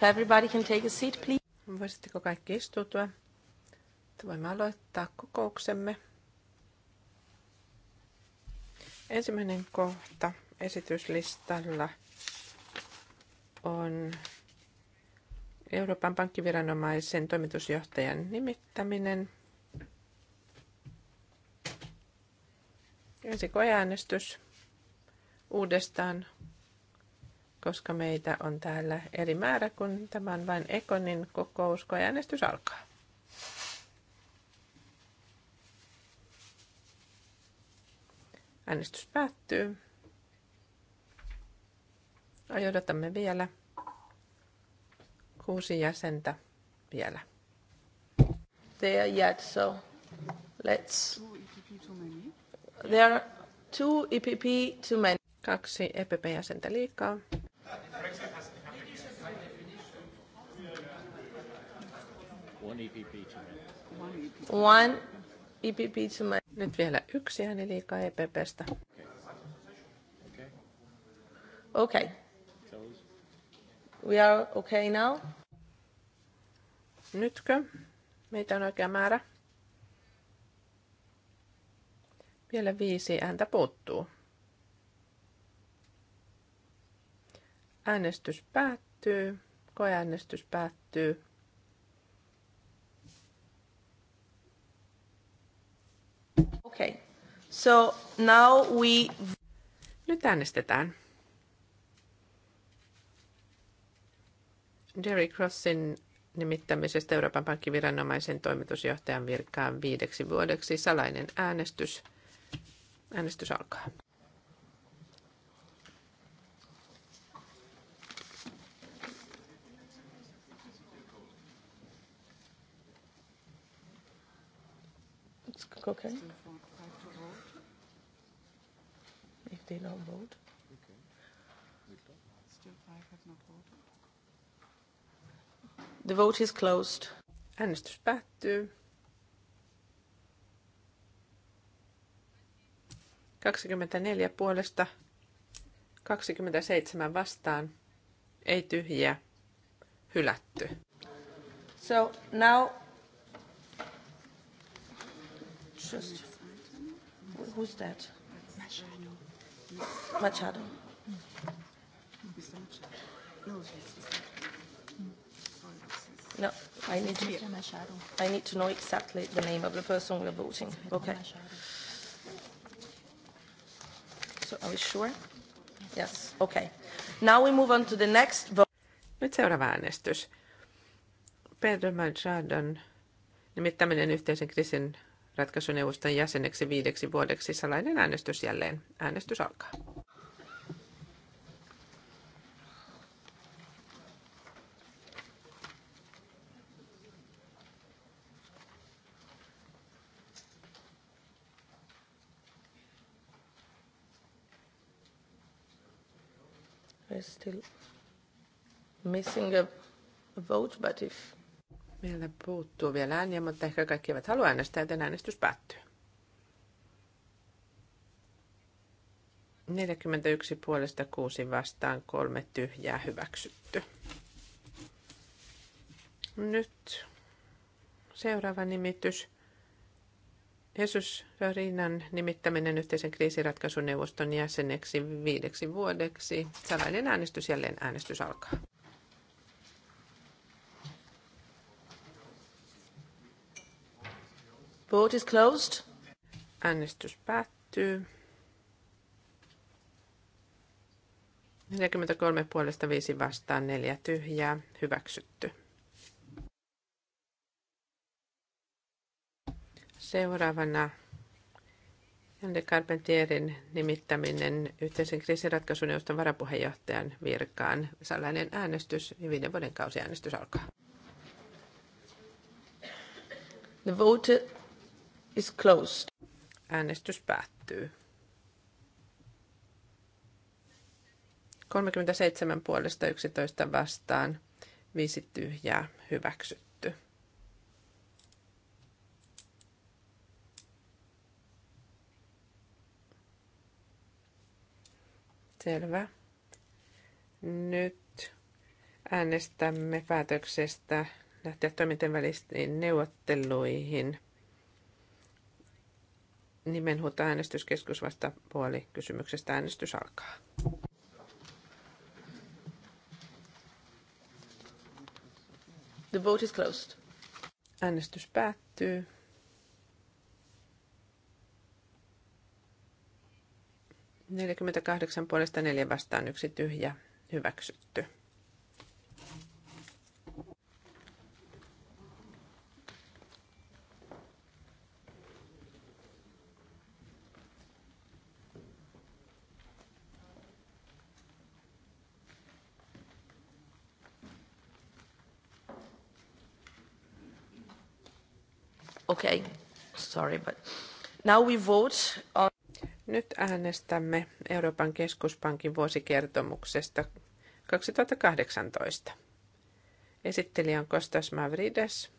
If everybody can take a seat, please. Voisitteko kaikki istutua? Voimme aloittaa kokouksemme. Ensimmäinen kohta esityslistalla on Euroopan pankkiviranomaisen toimitusjohtajan nimittäminen. Ensi koeäänestys uudestaan koska meitä on täällä eri määrä, kun tämä on vain Ekonin kokous, kun äänestys alkaa. Äänestys päättyy. Ajoitamme vielä kuusi jäsentä vielä. There yet, so let's... There are two EPP too many. Kaksi EPP-jäsentä liikaa. One EPP too many. One EPP too Nyt vielä yksi ääni liikaa EPPstä. Okay. okay. We are okay now? Nytkö? Meitä on oikea määrä. Vielä viisi ääntä puuttuu. Äänestys päättyy. Koeäänestys päättyy. So now we... Nyt äänestetään. Jerry Crossin nimittämisestä Euroopan pankkiviranomaisen toimitusjohtajan virkaan viideksi vuodeksi salainen äänestys. Äänestys alkaa. Okay. Still The vote is closed. Äänestys päättyy. 24 puolesta, 27 vastaan, ei tyhjiä, hylätty. So now just who's that? my shadow. Machado. No, I need to. I need to know exactly the name of the person we are voting. Okay. So, are we sure? Yes. Okay. Now we move on to the next vote. Nyt seuraava äänestys. Pedro Machado, nimittäminen yhteisen kriisin ratkaisuneuvoston jäseneksi viideksi vuodeksi. Salainen äänestys jälleen. Äänestys alkaa. still missing a, a vote, but if Meillä puuttuu vielä ääniä, mutta ehkä kaikki eivät halua äänestää, joten äänestys päättyy. 41 puolesta 6 vastaan, kolme tyhjää hyväksytty. Nyt seuraava nimitys. Jesus Rinnan nimittäminen yhteisen kriisiratkaisuneuvoston jäseneksi viideksi vuodeksi. Salainen äänestys jälleen äänestys alkaa. Vote is closed. Äänestys päättyy. 43 puolesta 5 vastaan 4 tyhjää. Hyväksytty. Seuraavana Jande Carpentierin nimittäminen yhteisen kriisiratkaisuneuvoston varapuheenjohtajan virkaan. Salainen äänestys ja viiden vuoden kausi äänestys alkaa. The vote is closed. Äänestys päättyy. 37 puolesta 11 vastaan, 5 tyhjää hyväksytty. Selvä. Nyt äänestämme päätöksestä lähteä toimintavälisiin neuvotteluihin – nimenhuutta äänestyskeskus vasta puoli kysymyksestä äänestys alkaa. The vote is closed. Äänestys päättyy. Neljäkymmentäkahdeksan puolesta neljä vastaan yksi tyhjä hyväksytty. Now we vote on... Nyt äänestämme Euroopan keskuspankin vuosikertomuksesta 2018. Esittelijä on Kostas Mavrides.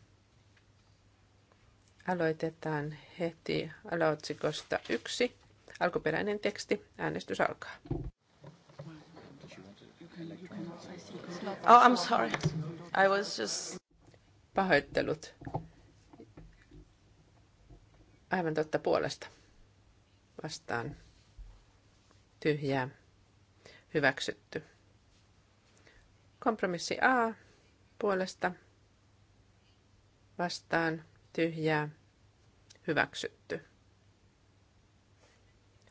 Aloitetaan heti alaotsikosta yksi. Alkuperäinen teksti. Äänestys alkaa. Oh, I'm sorry. I was just... Pahoittelut. Aivan totta puolesta. Vastaan. Tyhjää. Hyväksytty. Kompromissi A puolesta. Vastaan. Tyhjää. Hyväksytty.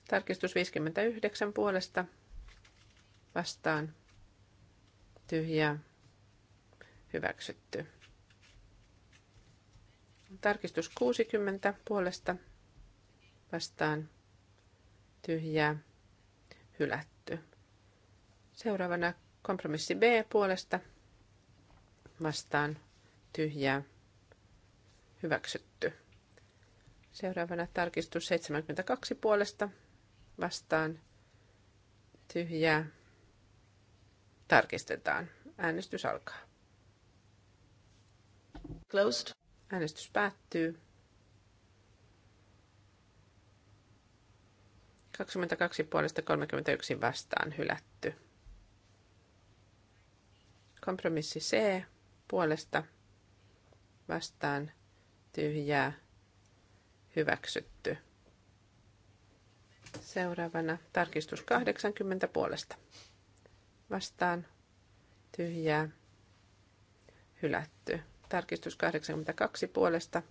Tarkistus 59 puolesta. Vastaan. Tyhjää. Hyväksytty. Tarkistus 60 puolesta vastaan tyhjää hylätty. Seuraavana kompromissi B puolesta vastaan tyhjää hyväksytty. Seuraavana tarkistus 72 puolesta vastaan tyhjää tarkistetaan. Äänestys alkaa. Closed. Äänestys päättyy. 22 puolesta 31 vastaan hylätty. Kompromissi C puolesta vastaan tyhjää hyväksytty. Seuraavana tarkistus 80 puolesta. Vastaan tyhjää hylätty. Tarkistus 82 puolesta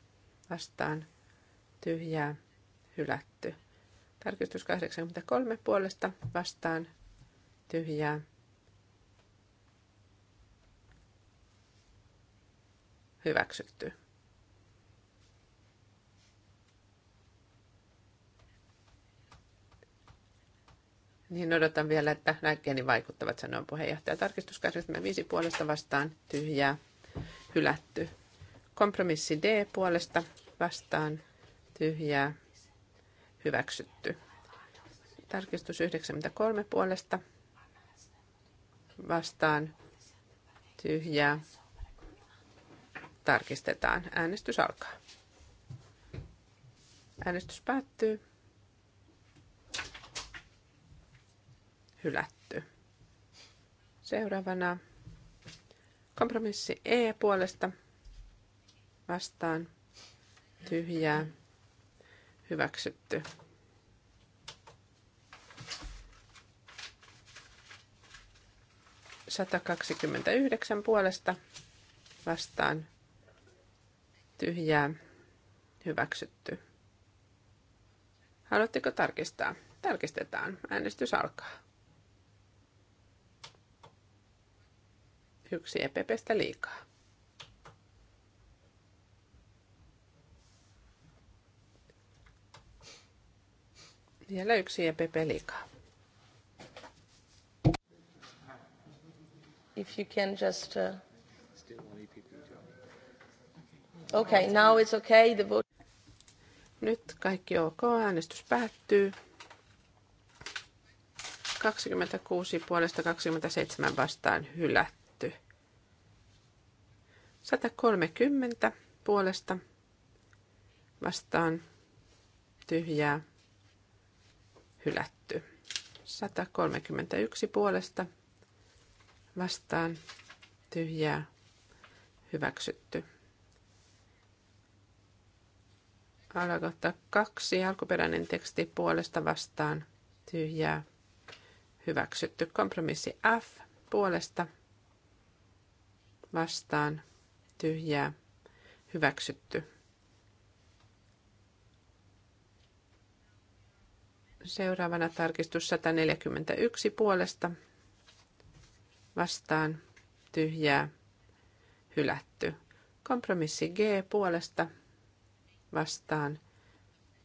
vastaan tyhjää hylätty. Tarkistus 83 puolesta vastaan tyhjää hyväksytty. Niin odotan vielä, että lääkkeeni vaikuttavat, sanoo puheenjohtaja. Tarkistus 85 puolesta vastaan tyhjää hylätty. Kompromissi D puolesta vastaan tyhjää hyväksytty. Tarkistus 93 puolesta vastaan tyhjää tarkistetaan. Äänestys alkaa. Äänestys päättyy. Hylätty. Seuraavana Kompromissi E puolesta vastaan tyhjää hyväksytty. 129 puolesta vastaan tyhjää hyväksytty. Haluatteko tarkistaa? Tarkistetaan. Äänestys alkaa. Yksi epepestä liikaa. Vielä yksi EPP liikaa. If you can just... Uh... Okay, now it's okay. The vote... Nyt kaikki ok, äänestys päättyy. 26 puolesta 27 vastaan hylät. 130 puolesta vastaan tyhjää hylätty. 131 puolesta vastaan tyhjää hyväksytty. Alakohta kaksi alkuperäinen teksti puolesta vastaan tyhjää hyväksytty. Kompromissi F puolesta vastaan tyhjää hyväksytty. Seuraavana tarkistus 141 puolesta vastaan tyhjää hylätty. Kompromissi G puolesta vastaan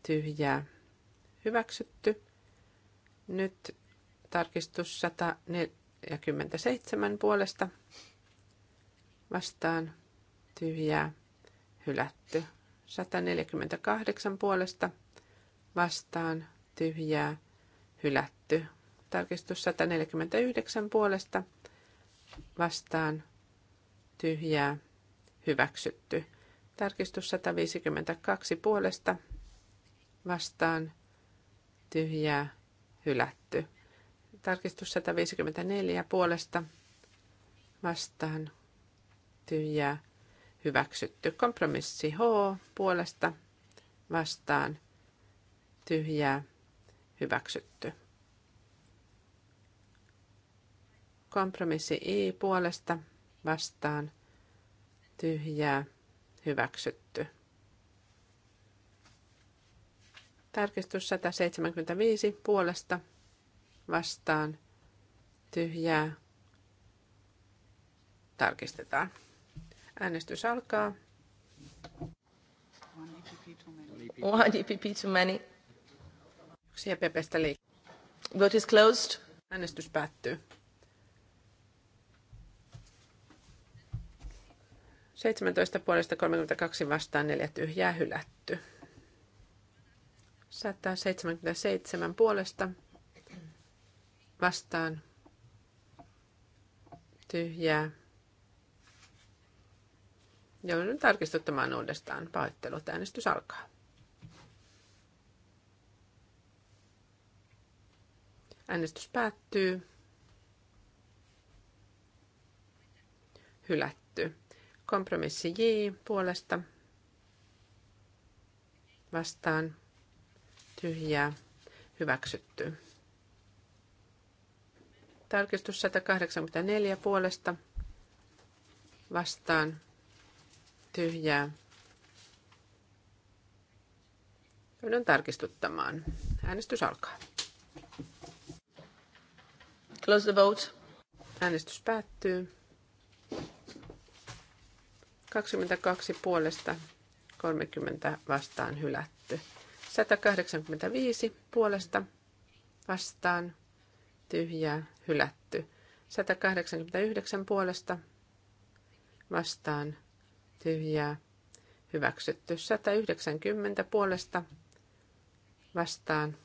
tyhjää hyväksytty. Nyt tarkistus 147 puolesta vastaan tyhjää, hylätty. 148 puolesta vastaan, tyhjää, hylätty. Tarkistus 149 puolesta vastaan, tyhjää, hyväksytty. Tarkistus 152 puolesta vastaan, tyhjää, hylätty. Tarkistus 154 puolesta vastaan, tyhjää, hyväksytty. Kompromissi H puolesta vastaan tyhjää hyväksytty. Kompromissi I puolesta vastaan tyhjää hyväksytty. Tarkistus 175 puolesta vastaan tyhjää tarkistetaan. Äänestys alkaa. One EPP too many. Yksi EPPstä liikkuu. Vote is closed. Äänestys päättyy. 17 puolesta 32 vastaan 4 tyhjää hylätty. 177 puolesta vastaan tyhjää Joudun tarkistuttamaan uudestaan. Pahoittelut, äänestys alkaa. Äänestys päättyy. Hylätty. Kompromissi J puolesta. Vastaan. Tyhjää. Hyväksytty. Tarkistus 184 puolesta. Vastaan tyhjää. Joudun tarkistuttamaan. Äänestys alkaa. Close the vote. Äänestys päättyy. 22 puolesta 30 vastaan hylätty. 185 puolesta vastaan tyhjää hylätty. 189 puolesta vastaan tyhjää hyväksytty. 190 puolesta vastaan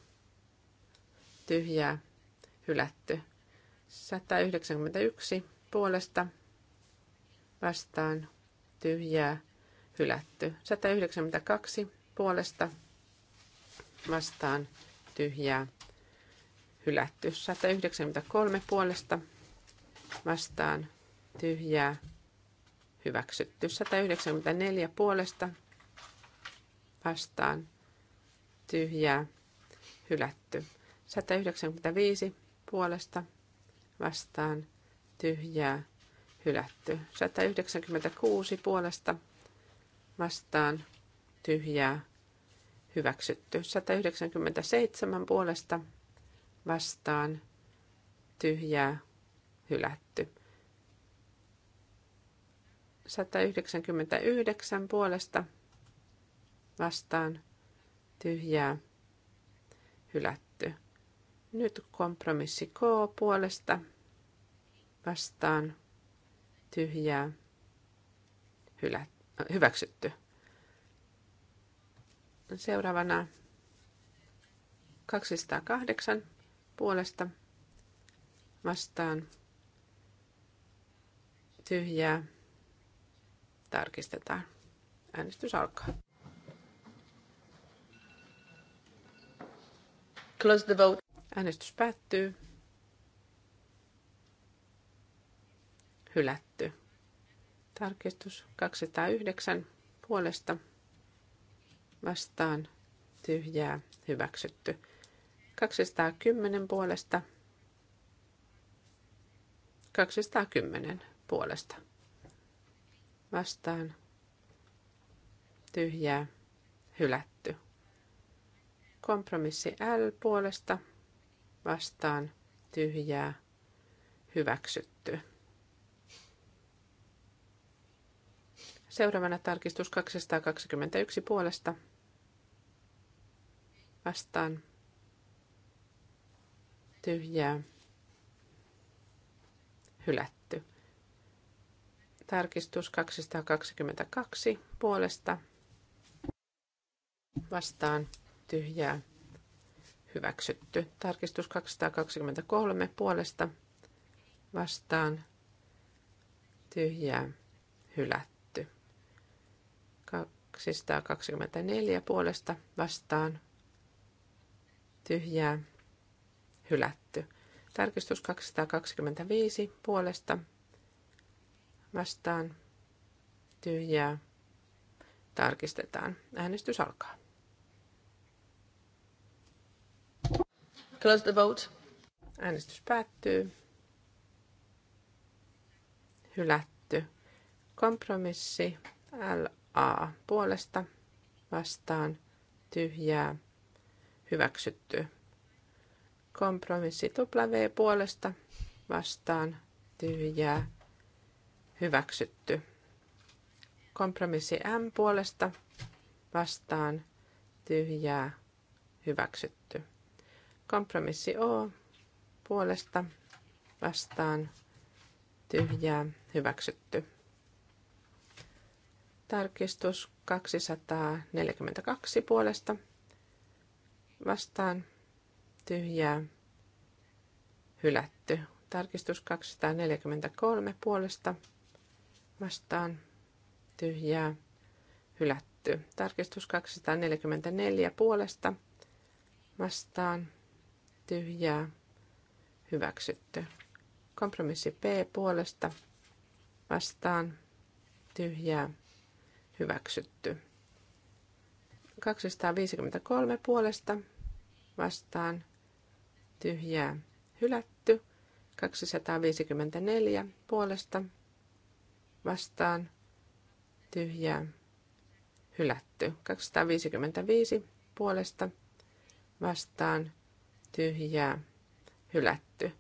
tyhjää hylätty. 191 puolesta vastaan tyhjää hylätty. 192 puolesta vastaan tyhjää hylätty. 193 puolesta vastaan tyhjää hyväksytty. 194 puolesta vastaan tyhjää hylätty. 195 puolesta vastaan tyhjää hylätty. 196 puolesta vastaan tyhjää hyväksytty. 197 puolesta vastaan tyhjää hylätty. 199 puolesta vastaan tyhjää hylätty. Nyt kompromissi K puolesta vastaan tyhjää hylä, hyväksytty. Seuraavana 208 puolesta vastaan tyhjää tarkistetaan. Äänestys alkaa. Close the vote. Äänestys päättyy. Hylätty. Tarkistus 209 puolesta vastaan tyhjää hyväksytty. 210 puolesta 210 puolesta vastaan tyhjää hylätty. Kompromissi L puolesta vastaan tyhjää hyväksytty. Seuraavana tarkistus 221 puolesta vastaan tyhjää hylätty. Tarkistus 222 puolesta vastaan tyhjää hyväksytty. Tarkistus 223 puolesta vastaan tyhjää hylätty. 224 puolesta vastaan tyhjää hylätty. Tarkistus 225 puolesta vastaan tyhjää tarkistetaan. Äänestys alkaa. Close the vote. Äänestys päättyy. Hylätty. Kompromissi LA puolesta vastaan tyhjää hyväksytty. Kompromissi W puolesta vastaan tyhjää hyväksytty. Kompromissi M puolesta vastaan tyhjää hyväksytty. Kompromissi O puolesta vastaan tyhjää hyväksytty. Tarkistus 242 puolesta vastaan tyhjää hylätty. Tarkistus 243 puolesta vastaan tyhjää hylätty. Tarkistus 244 puolesta vastaan tyhjää hyväksytty. Kompromissi P puolesta vastaan tyhjää hyväksytty. 253 puolesta vastaan tyhjää hylätty. 254 puolesta vastaan tyhjää hylätty. 255 puolesta vastaan tyhjää hylätty.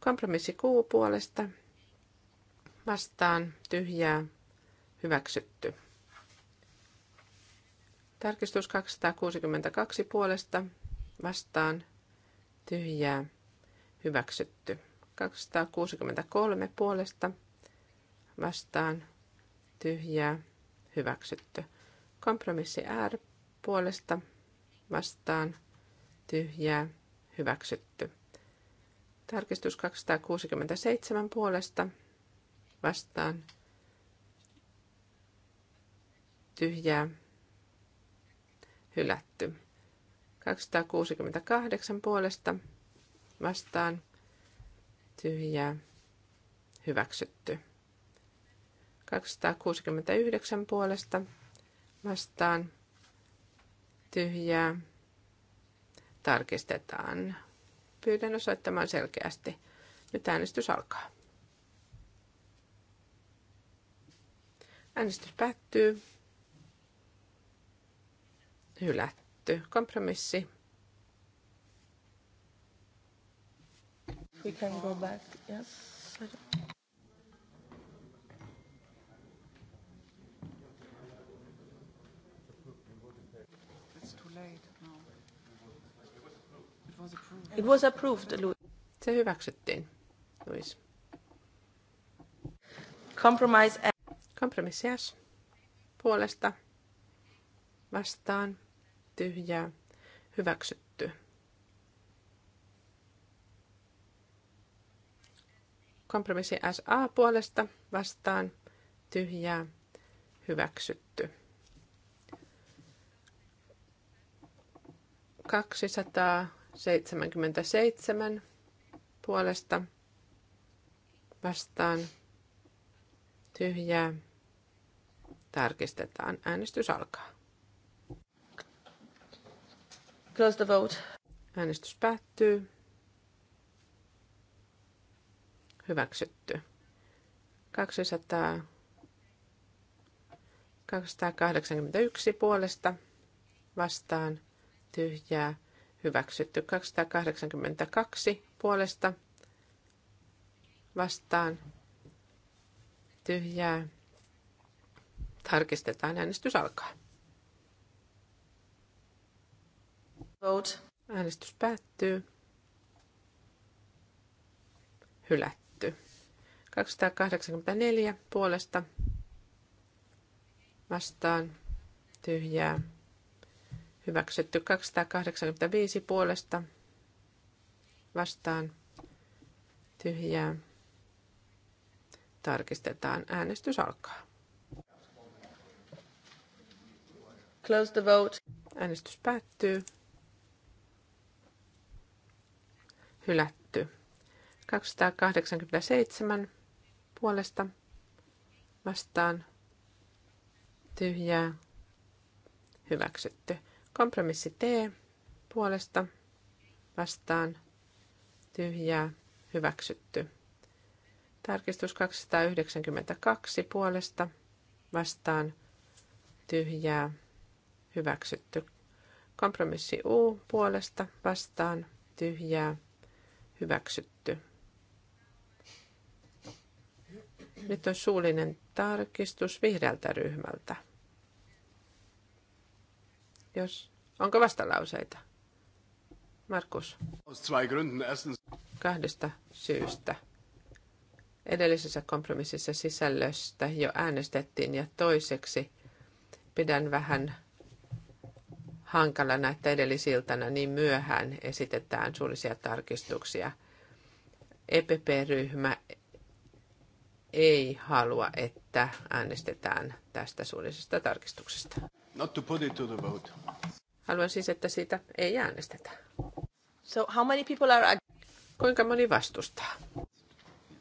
Kompromissi Q puolesta vastaan tyhjää hyväksytty. Tarkistus 262 puolesta vastaan tyhjää hyväksytty. 263 puolesta vastaan tyhjää hyväksytty. Kompromissi R puolesta vastaan tyhjää hyväksytty. Tarkistus 267 puolesta vastaan tyhjää hylätty. 268 puolesta vastaan tyhjää hyväksytty. 269 puolesta vastaan tyhjää. Tarkistetaan. Pyydän osoittamaan selkeästi. Nyt äänestys alkaa. Äänestys päättyy. Hylätty. Kompromissi. We can go back. Yes. It was approved, Louis. Se hyväksyttiin, Louis. Compromise and... Kompromissi S. Puolesta. Vastaan. Tyhjää. Hyväksytty. Kompromissi SA puolesta. Vastaan. Tyhjää. Hyväksytty. 200 77 puolesta vastaan tyhjää. Tarkistetaan. Äänestys alkaa. Close the vote. Äänestys päättyy. Hyväksytty. 200, 281 puolesta vastaan tyhjää hyväksytty. 282 puolesta vastaan tyhjää. Tarkistetaan, äänestys alkaa. Vote. Äänestys päättyy. Hylätty. 284 puolesta vastaan tyhjää Hyväksytty 285 puolesta vastaan tyhjää. Tarkistetaan. Äänestys alkaa. Close the vote. Äänestys päättyy. Hylätty. 287 puolesta vastaan tyhjää hyväksytty. Kompromissi T puolesta vastaan tyhjää hyväksytty. Tarkistus 292 puolesta vastaan tyhjää hyväksytty. Kompromissi U puolesta vastaan tyhjää hyväksytty. Nyt on suullinen tarkistus vihreältä ryhmältä. Jos Onko vastalauseita? Markus. Kahdesta syystä. Edellisessä kompromississa sisällöstä jo äänestettiin ja toiseksi pidän vähän hankalana, että edellisiltana niin myöhään esitetään suullisia tarkistuksia. EPP-ryhmä ei halua, että äänestetään tästä suullisesta tarkistuksesta. Not to put it to the vote. Haluan siis, että siitä ei äänestetä. So how many people are... Kuinka moni vastustaa?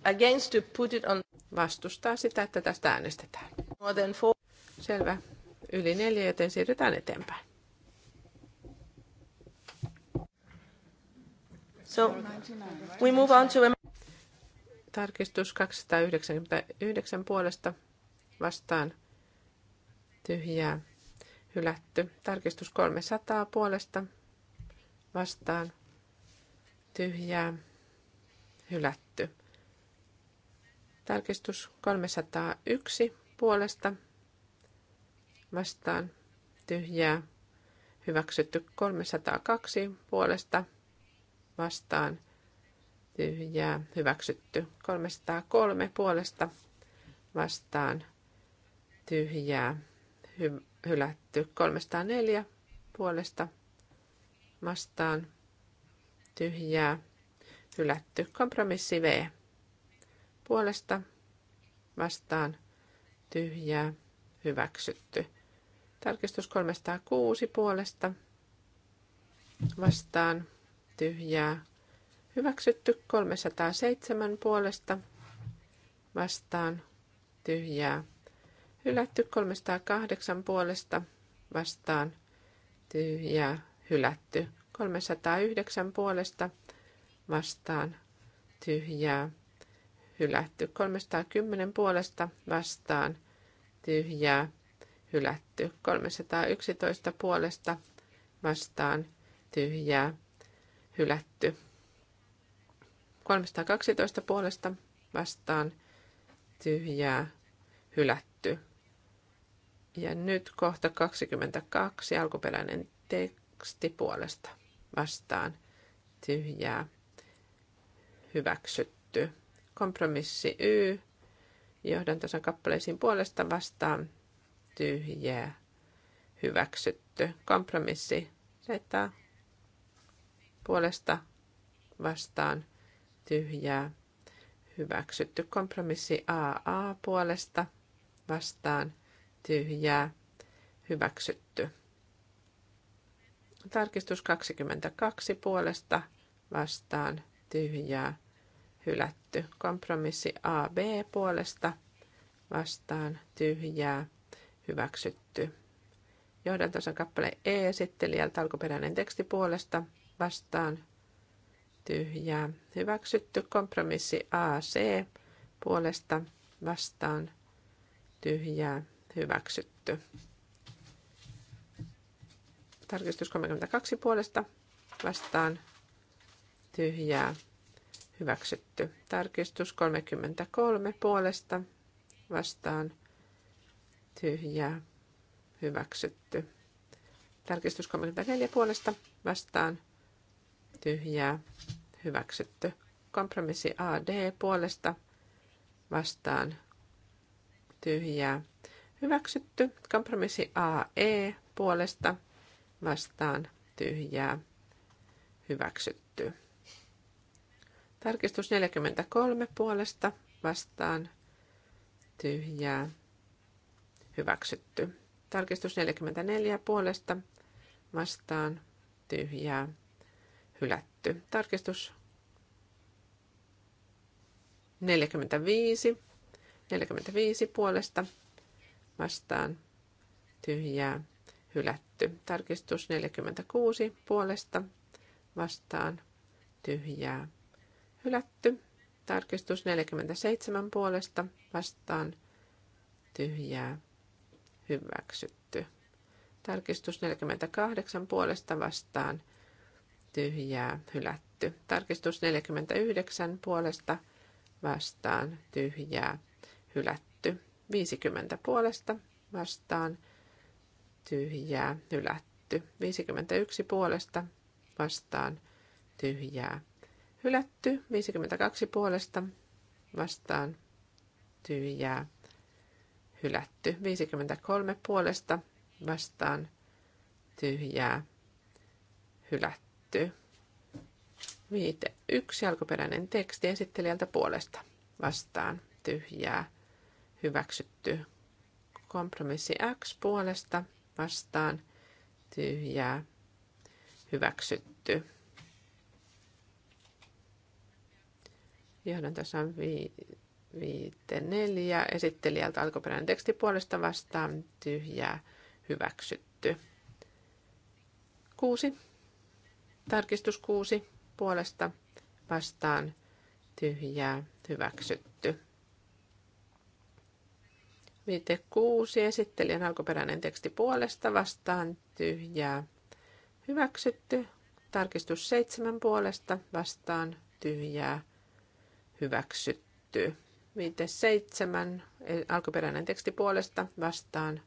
Against to put it on... Vastustaa sitä, että tästä äänestetään. More than four. Selvä. Yli neljä, joten siirrytään eteenpäin. So we move on to... Tarkistus 299 puolesta vastaan tyhjää hylätty. Tarkistus 300 puolesta vastaan tyhjää hylätty. Tarkistus 301 puolesta vastaan tyhjää hyväksytty 302 puolesta vastaan tyhjää hyväksytty 303 puolesta vastaan tyhjää hy- hylätty. 304 puolesta vastaan tyhjää hylätty. Kompromissi V puolesta vastaan tyhjää hyväksytty. Tarkistus 306 puolesta vastaan tyhjää hyväksytty. 307 puolesta vastaan tyhjää Hylätty 308 puolesta vastaan tyhjä Hylätty 309 puolesta vastaan tyhjää. Hylätty 310 puolesta vastaan tyhjää. Hylätty 311 puolesta vastaan tyhjää. Hylätty 312 puolesta vastaan tyhjää, hylätty. Ja nyt kohta 22 alkuperäinen teksti puolesta vastaan tyhjää hyväksytty. Kompromissi Y johdantosan kappaleisiin puolesta vastaan tyhjää hyväksytty. Kompromissi Z puolesta vastaan tyhjää hyväksytty. Kompromissi AA puolesta vastaan tyhjää, hyväksytty. Tarkistus 22 puolesta vastaan tyhjää, hylätty. Kompromissi AB puolesta vastaan tyhjää, hyväksytty. Johdantosan kappale E esittelijältä alkuperäinen teksti puolesta vastaan tyhjää, hyväksytty. Kompromissi AC puolesta vastaan tyhjää, hyväksytty. Tarkistus 32 puolesta vastaan tyhjää hyväksytty. Tarkistus 33 puolesta vastaan tyhjää hyväksytty. Tarkistus 34 puolesta vastaan tyhjää hyväksytty. Kompromissi AD puolesta vastaan tyhjää Hyväksytty. Kompromissi AE puolesta vastaan tyhjää. Hyväksytty. Tarkistus 43 puolesta vastaan tyhjää. Hyväksytty. Tarkistus 44 puolesta vastaan tyhjää. Hylätty. Tarkistus 45. 45 puolesta vastaan tyhjää hylätty. Tarkistus 46 puolesta vastaan tyhjää hylätty. Tarkistus 47 puolesta vastaan tyhjää hyväksytty. Tarkistus 48 puolesta vastaan tyhjää hylätty. Tarkistus 49 puolesta vastaan tyhjää hylätty 50 puolesta vastaan tyhjää hylätty. 51 puolesta vastaan tyhjää hylätty. 52 puolesta vastaan tyhjää hylätty. 53 puolesta vastaan tyhjää hylätty. Viite yksi alkuperäinen teksti esittelijältä puolesta vastaan tyhjää hyväksytty. Kompromissi X puolesta vastaan tyhjää hyväksytty. Johdan tässä on vi- viite neljä. Esittelijältä alkuperäinen teksti puolesta vastaan tyhjää hyväksytty. Kuusi. Tarkistus kuusi puolesta vastaan tyhjää hyväksytty. Viite kuusi esittelijän alkuperäinen teksti puolesta vastaan tyhjää. Hyväksytty. Tarkistus seitsemän puolesta vastaan tyhjää. Hyväksytty. Viite seitsemän e, alkuperäinen teksti puolesta vastaan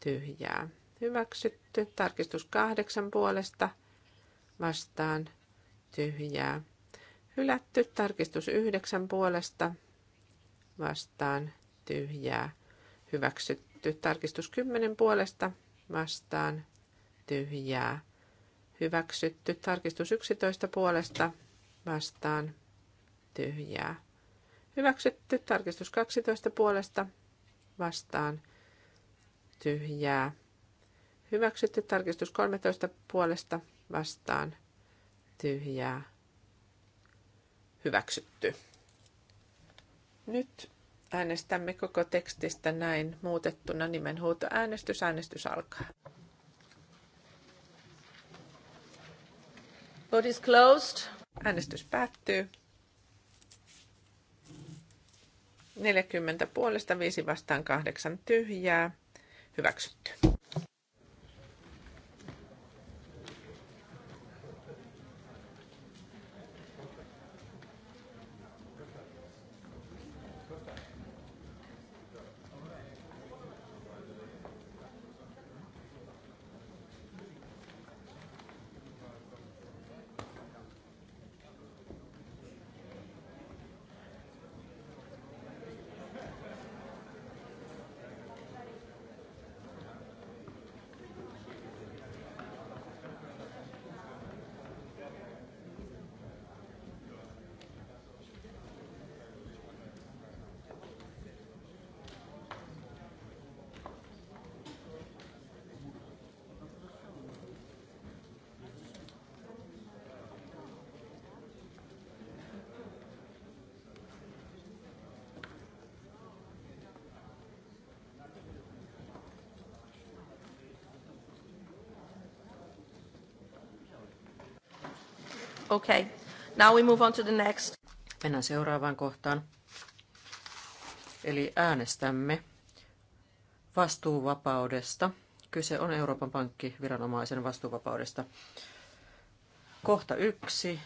tyhjää. Hyväksytty. Tarkistus kahdeksan puolesta vastaan tyhjää. Hylätty. Tarkistus yhdeksän puolesta vastaan tyhjää hyväksytty. Tarkistus 10 puolesta vastaan tyhjää hyväksytty. Tarkistus 11 puolesta vastaan tyhjää hyväksytty. Tarkistus 12 puolesta vastaan tyhjää hyväksytty. Tarkistus 13 puolesta vastaan tyhjää hyväksytty. Nyt Äänestämme koko tekstistä näin muutettuna nimenhuuto äänestys. Äänestys alkaa. Vote is closed. Äänestys päättyy. 40 puolesta, 5 vastaan, 8 tyhjää. Hyväksytty. Okay. Now we move on to the next. Mennään seuraavaan kohtaan. Eli äänestämme vastuuvapaudesta. Kyse on Euroopan pankkiviranomaisen vastuuvapaudesta. Kohta yksi.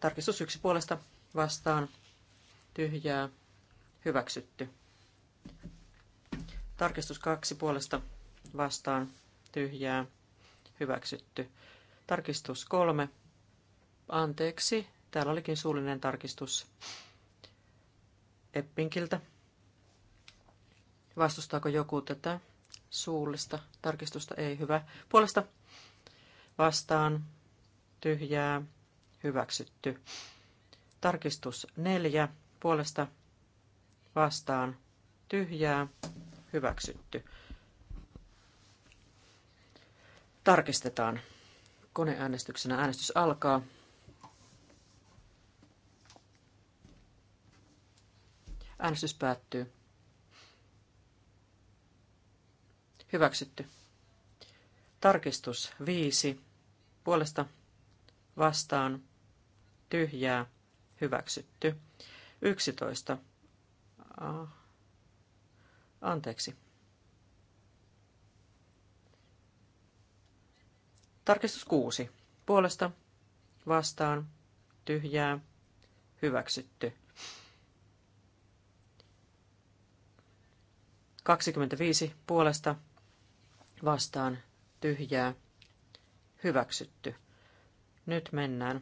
Tarkistus yksi puolesta vastaan. Tyhjää. Hyväksytty. Tarkistus kaksi puolesta vastaan. Tyhjää. Hyväksytty. Tarkistus kolme Anteeksi, täällä olikin suullinen tarkistus Eppinkiltä. Vastustaako joku tätä suullista tarkistusta? Ei, hyvä. Puolesta vastaan tyhjää hyväksytty. Tarkistus neljä puolesta vastaan tyhjää hyväksytty. Tarkistetaan. Koneäänestyksenä äänestys alkaa. Äänestys päättyy. Hyväksytty. Tarkistus 5. Puolesta vastaan tyhjää hyväksytty. 11. Anteeksi. Tarkistus 6. Puolesta vastaan tyhjää hyväksytty. 25 puolesta vastaan tyhjää hyväksytty. Nyt mennään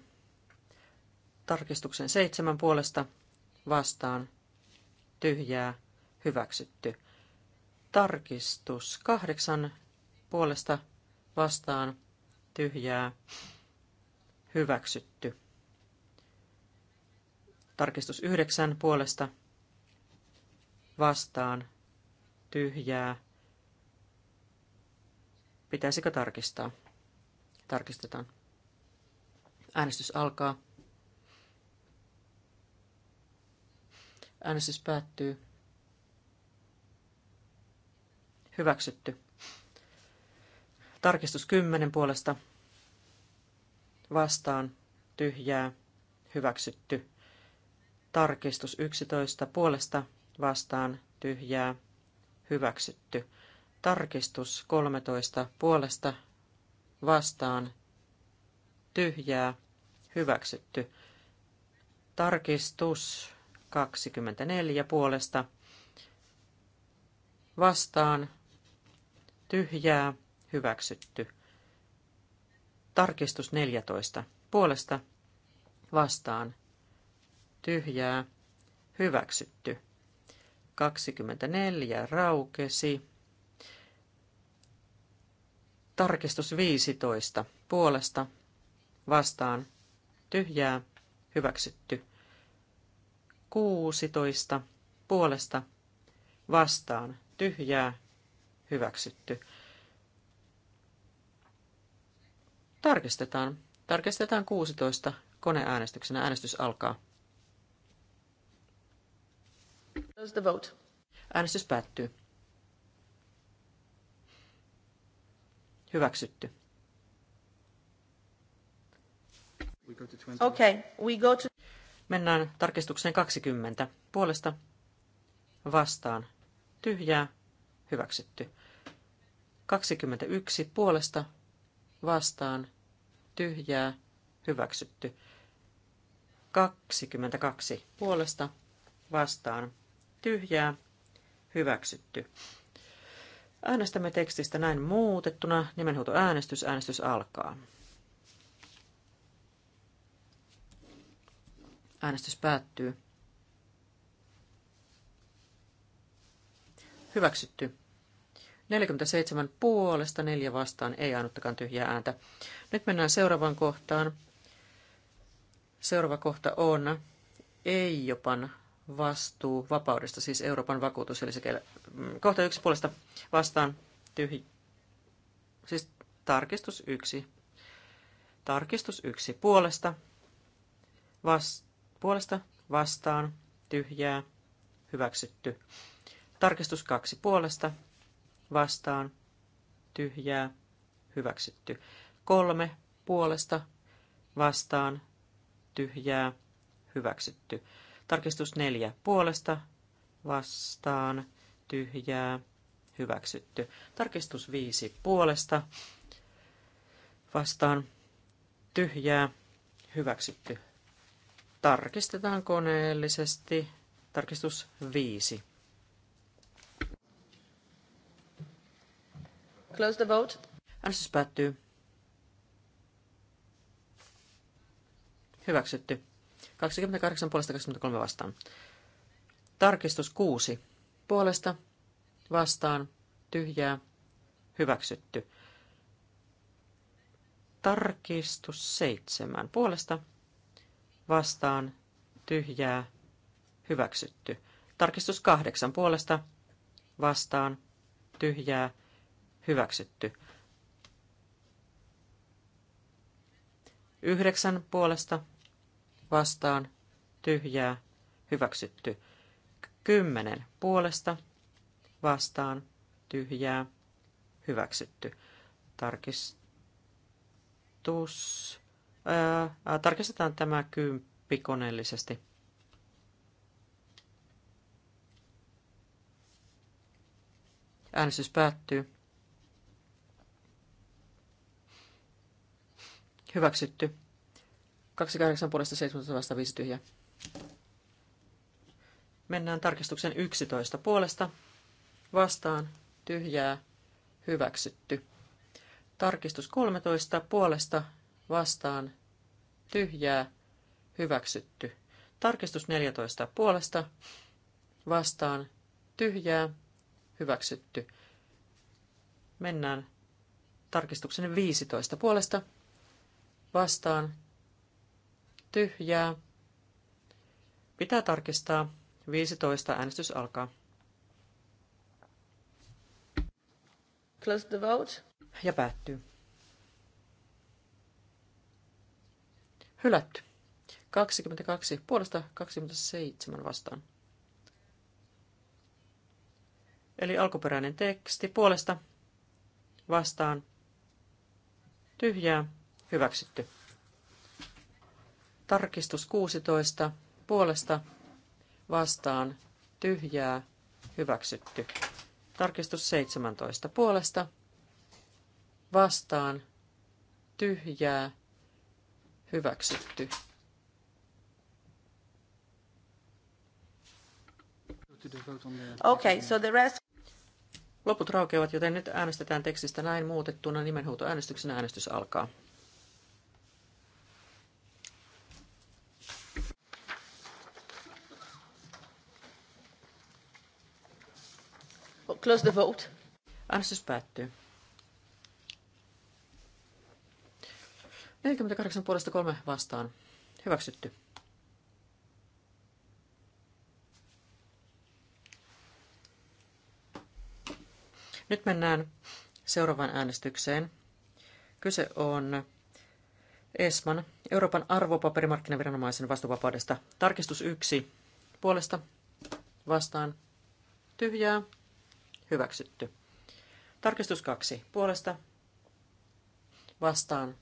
tarkistuksen 7 puolesta vastaan tyhjää hyväksytty. Tarkistus 8 puolesta vastaan tyhjää hyväksytty. Tarkistus 9 puolesta vastaan tyhjää. Pitäisikö tarkistaa? Tarkistetaan. Äänestys alkaa. Äänestys päättyy. Hyväksytty. Tarkistus 10 puolesta. Vastaan. Tyhjää. Hyväksytty. Tarkistus 11 puolesta. Vastaan. Tyhjää hyväksytty. Tarkistus 13 puolesta vastaan tyhjää hyväksytty. Tarkistus 24 puolesta vastaan tyhjää hyväksytty. Tarkistus 14 puolesta vastaan tyhjää hyväksytty. 24 raukesi. Tarkistus 15 puolesta vastaan tyhjää hyväksytty. 16 puolesta vastaan tyhjää hyväksytty. Tarkistetaan. Tarkistetaan 16 koneäänestyksenä. Äänestys alkaa. Close the vote. Äänestys päättyy. Hyväksytty. Okay, we go to... Mennään tarkistukseen 20. Puolesta vastaan. Tyhjää. Hyväksytty. 21. Puolesta vastaan. Tyhjää. Hyväksytty. 22. Puolesta vastaan tyhjää, hyväksytty. Äänestämme tekstistä näin muutettuna. Nimenhuuto äänestys. Äänestys alkaa. Äänestys päättyy. Hyväksytty. 47 puolesta, 4 vastaan, ei ainuttakaan tyhjää ääntä. Nyt mennään seuraavaan kohtaan. Seuraava kohta on Eijopan vastuu vapaudesta, siis Euroopan vakuutus, eli se mm, kohta yksi puolesta vastaan tyhjä, siis tarkistus yksi. Tarkistus yksi puolesta, vas, puolesta vastaan tyhjää hyväksytty. Tarkistus kaksi puolesta vastaan tyhjää hyväksytty. Kolme puolesta vastaan tyhjää hyväksytty. Tarkistus neljä puolesta vastaan tyhjää hyväksytty. Tarkistus viisi puolesta vastaan tyhjää hyväksytty. Tarkistetaan koneellisesti. Tarkistus viisi. Close the vote. Äänestys päättyy. Hyväksytty. 28 puolesta 23 vastaan. Tarkistus 6. Puolesta vastaan tyhjää hyväksytty. Tarkistus 7. Puolesta vastaan tyhjää hyväksytty. Tarkistus 8. Puolesta vastaan tyhjää hyväksytty. 9 puolesta vastaan, tyhjää, hyväksytty. Kymmenen puolesta, vastaan, tyhjää, hyväksytty. Tarkistus. Ää, ää, tarkistetaan tämä kymppi koneellisesti. Äänestys päättyy. Hyväksytty. 28 puolesta 17 vasta 5 tyhjä. Mennään tarkistuksen 11 puolesta. Vastaan tyhjää hyväksytty. Tarkistus 13 puolesta vastaan tyhjää hyväksytty. Tarkistus 14 puolesta vastaan tyhjää hyväksytty. Mennään tarkistuksen 15 puolesta vastaan tyhjää. Pitää tarkistaa. 15. Äänestys alkaa. Close the vote. Ja päättyy. Hylätty. 22 puolesta 27 vastaan. Eli alkuperäinen teksti puolesta vastaan. Tyhjää. Hyväksytty. Tarkistus 16 puolesta vastaan tyhjää hyväksytty. Tarkistus 17 puolesta vastaan tyhjää hyväksytty. Okay, so the rest... Loput raukeavat, joten nyt äänestetään tekstistä näin muutettuna. Nimenhuutoäänestyksen äänestys alkaa. Close the vote. Äänestys päättyy. 48 puolesta kolme vastaan. Hyväksytty. Nyt mennään seuraavaan äänestykseen. Kyse on ESMAN, Euroopan arvopaperimarkkinaviranomaisen vastuuvapaudesta. Tarkistus 1. Puolesta vastaan tyhjää. Hyväksytty. Tarkistus kaksi. Puolesta vastaan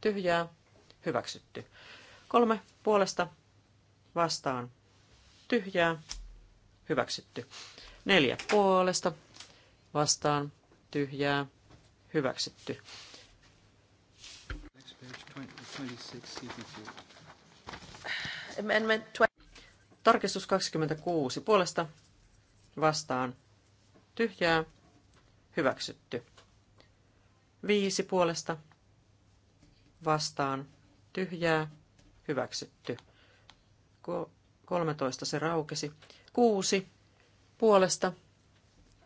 tyhjää. Hyväksytty. Kolme. Puolesta vastaan tyhjää. Hyväksytty. Neljä. Puolesta vastaan tyhjää. Hyväksytty. Amendment Tarkistus 26. Puolesta vastaan tyhjää, hyväksytty. Viisi puolesta vastaan tyhjää, hyväksytty. 13 se raukesi. Kuusi puolesta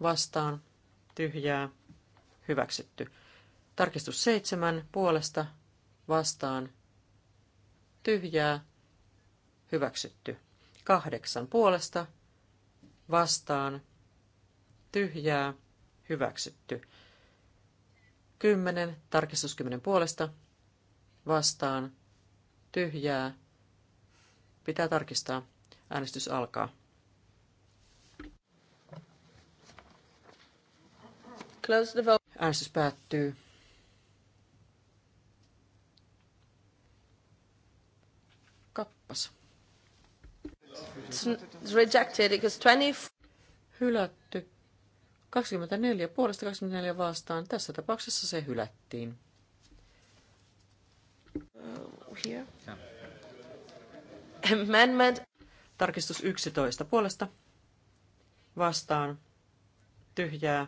vastaan tyhjää, hyväksytty. Tarkistus seitsemän puolesta vastaan tyhjää, hyväksytty. Kahdeksan puolesta vastaan tyhjää, hyväksytty. 10, tarkistus 10 puolesta, vastaan, tyhjää, pitää tarkistaa, äänestys alkaa. Close the vote. Äänestys päättyy. Kappas. It's rejected because 20... Hylätty 24 puolesta 24 vastaan. Tässä tapauksessa se hylättiin. Uh, Amendment. Tarkistus 11 puolesta vastaan. Tyhjää.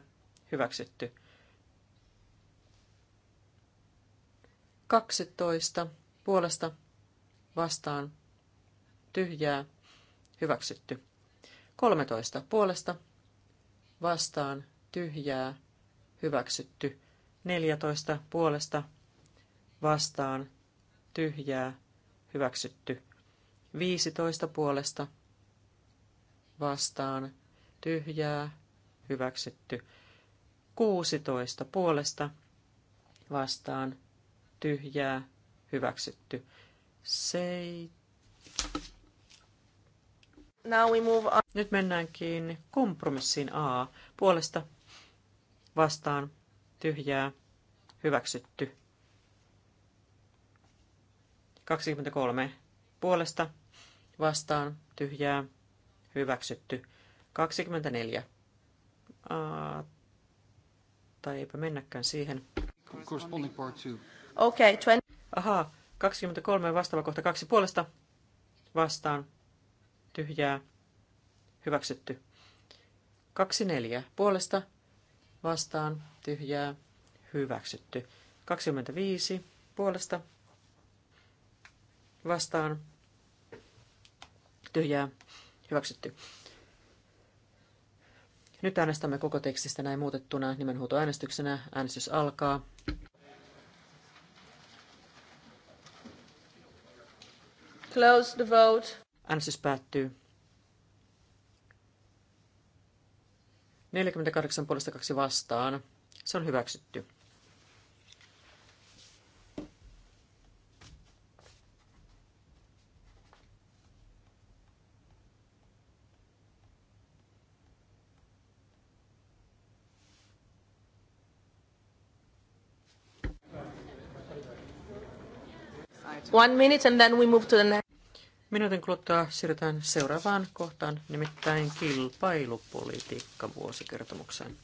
Hyväksytty. 12 puolesta vastaan. Tyhjää. Hyväksytty. 13 puolesta vastaan tyhjää hyväksytty. 14 puolesta vastaan tyhjää hyväksytty. 15 puolesta vastaan tyhjää hyväksytty. 16 puolesta vastaan tyhjää hyväksytty. Sei... Now we move on. Nyt mennäänkin kompromissiin A. Puolesta vastaan tyhjää hyväksytty. 23. Puolesta vastaan tyhjää hyväksytty. 24. A, tai eipä mennäkään siihen. Corresponding part two. Okay, 20. Ahaa, 23 vastaava kohta 2 puolesta vastaan tyhjää Hyväksytty. 24. Puolesta vastaan tyhjää. Hyväksytty. 25. Puolesta vastaan tyhjää. Hyväksytty. Nyt äänestämme koko tekstistä näin muutettuna nimenhuutoäänestyksenä. Äänestys alkaa. Close the vote. Äänestys päättyy. 48 puolesta kaksi vastaan. Se on hyväksytty. One minute and then we move to the next. Minuutin kuluttua siirrytään seuraavaan kohtaan, nimittäin kilpailupolitiikka vuosikertomukseen.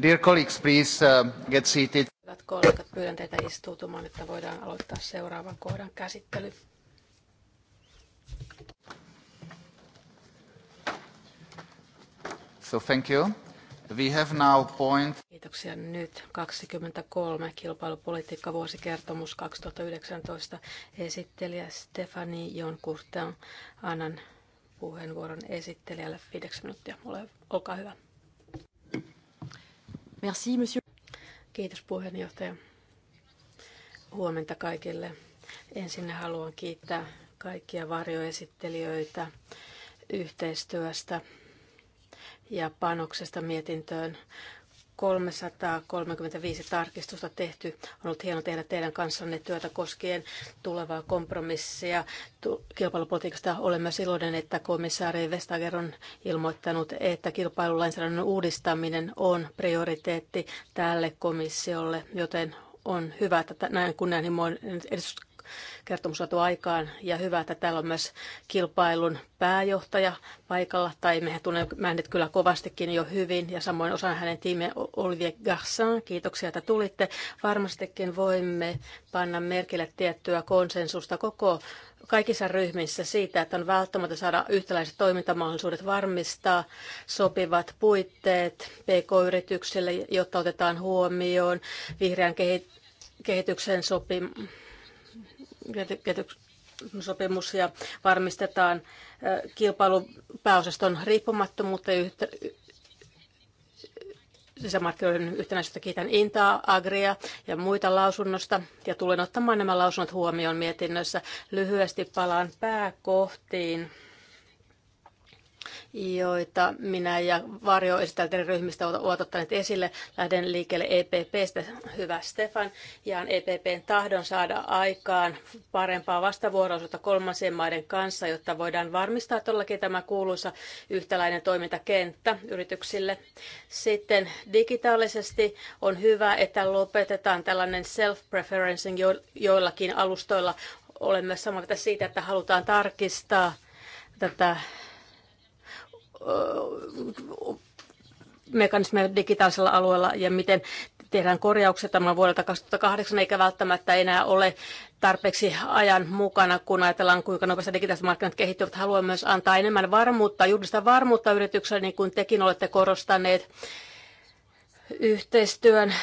Dear colleagues, please uh, get seated. Hyvät kollegat, pyydän teitä istuutumaan, että voidaan aloittaa seuraavan kohdan käsittely. So thank you. We have now point... Kiitoksia. Nyt 23 kilpailupolitiikka vuosikertomus 2019. Esittelijä Stefani Jonkurtan. Annan puheenvuoron esittelijälle viideksi minuuttia. Ole, olkaa hyvä. Merci, monsieur. Kiitos puheenjohtaja. Huomenta kaikille. Ensin haluan kiittää kaikkia varjoesittelijöitä yhteistyöstä ja panoksesta mietintöön. 335 tarkistusta tehty. On ollut hieno tehdä teidän kanssanne työtä koskien tulevaa kompromissia. Kilpailupolitiikasta olemme silloin, että komissaari Vestager on ilmoittanut, että kilpailulainsäädännön uudistaminen on prioriteetti tälle komissiolle, joten on hyvä, että näin kunnianhimoinen kertomus saatu aikaan. Ja hyvä, että täällä on myös kilpailun pääjohtaja paikalla, tai mehän tunnemme hänet kyllä kovastikin jo hyvin, ja samoin osa hänen tiimeen Olivier Garçon. Kiitoksia, että tulitte. Varmastikin voimme panna merkille tiettyä konsensusta koko kaikissa ryhmissä siitä, että on välttämättä saada yhtäläiset toimintamahdollisuudet varmistaa sopivat puitteet pk-yrityksille, jotta otetaan huomioon vihreän kehityksen sopimukset sopimus ja varmistetaan kilpailupääosaston riippumattomuutta ja yhtä, sisämarkkinoiden yhtenäisyyttä kiitän Intaa, Agria ja muita lausunnosta ja tulen ottamaan nämä lausunnot huomioon mietinnössä. Lyhyesti palaan pääkohtiin joita minä ja Varjo esiteltäjien ryhmistä ovat ottaneet esille. Lähden liikkeelle EPPstä. Hyvä Stefan. Jaan EPPn tahdon saada aikaan parempaa vastavuoroisuutta kolmansien maiden kanssa, jotta voidaan varmistaa todellakin tämä kuuluisa yhtäläinen toimintakenttä yrityksille. Sitten digitaalisesti on hyvä, että lopetetaan tällainen self-preferencing joillakin alustoilla. Olen myös samaa siitä, että halutaan tarkistaa tätä mekanismeja digitaalisella alueella ja miten tehdään korjauksia tämän vuodelta 2008, eikä välttämättä enää ole tarpeeksi ajan mukana, kun ajatellaan, kuinka nopeasti digitaaliset markkinat kehittyvät. Haluan myös antaa enemmän varmuutta, juridista varmuutta yritykselle, niin kuin tekin olette korostaneet yhteistyön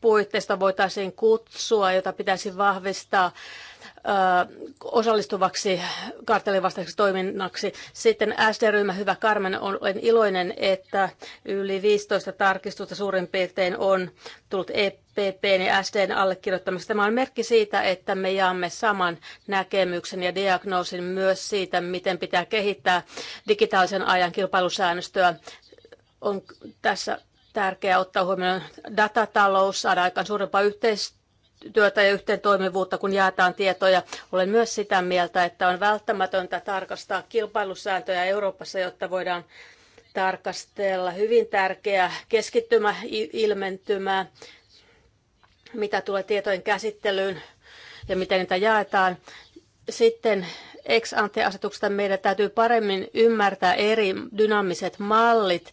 puitteista voitaisiin kutsua, jota pitäisi vahvistaa osallistuvaksi kartellivastaiseksi toiminnaksi. Sitten SD-ryhmä Hyvä Karmen, olen iloinen, että yli 15 tarkistusta suurin piirtein on tullut EPP ja SDn allekirjoittamista. Tämä on merkki siitä, että me jaamme saman näkemyksen ja diagnoosin myös siitä, miten pitää kehittää digitaalisen ajan kilpailusäännöstöä. On tässä Tärkeää ottaa huomioon datatalous, saada aikaan suurempaa yhteistyötä ja yhteen toimivuutta, kun jaetaan tietoja. Olen myös sitä mieltä, että on välttämätöntä tarkastaa kilpailusääntöjä Euroopassa, jotta voidaan tarkastella hyvin tärkeä keskittymä, ilmentymä, mitä tulee tietojen käsittelyyn ja miten niitä jaetaan. Sitten ex ante asetuksesta meidän täytyy paremmin ymmärtää eri dynaamiset mallit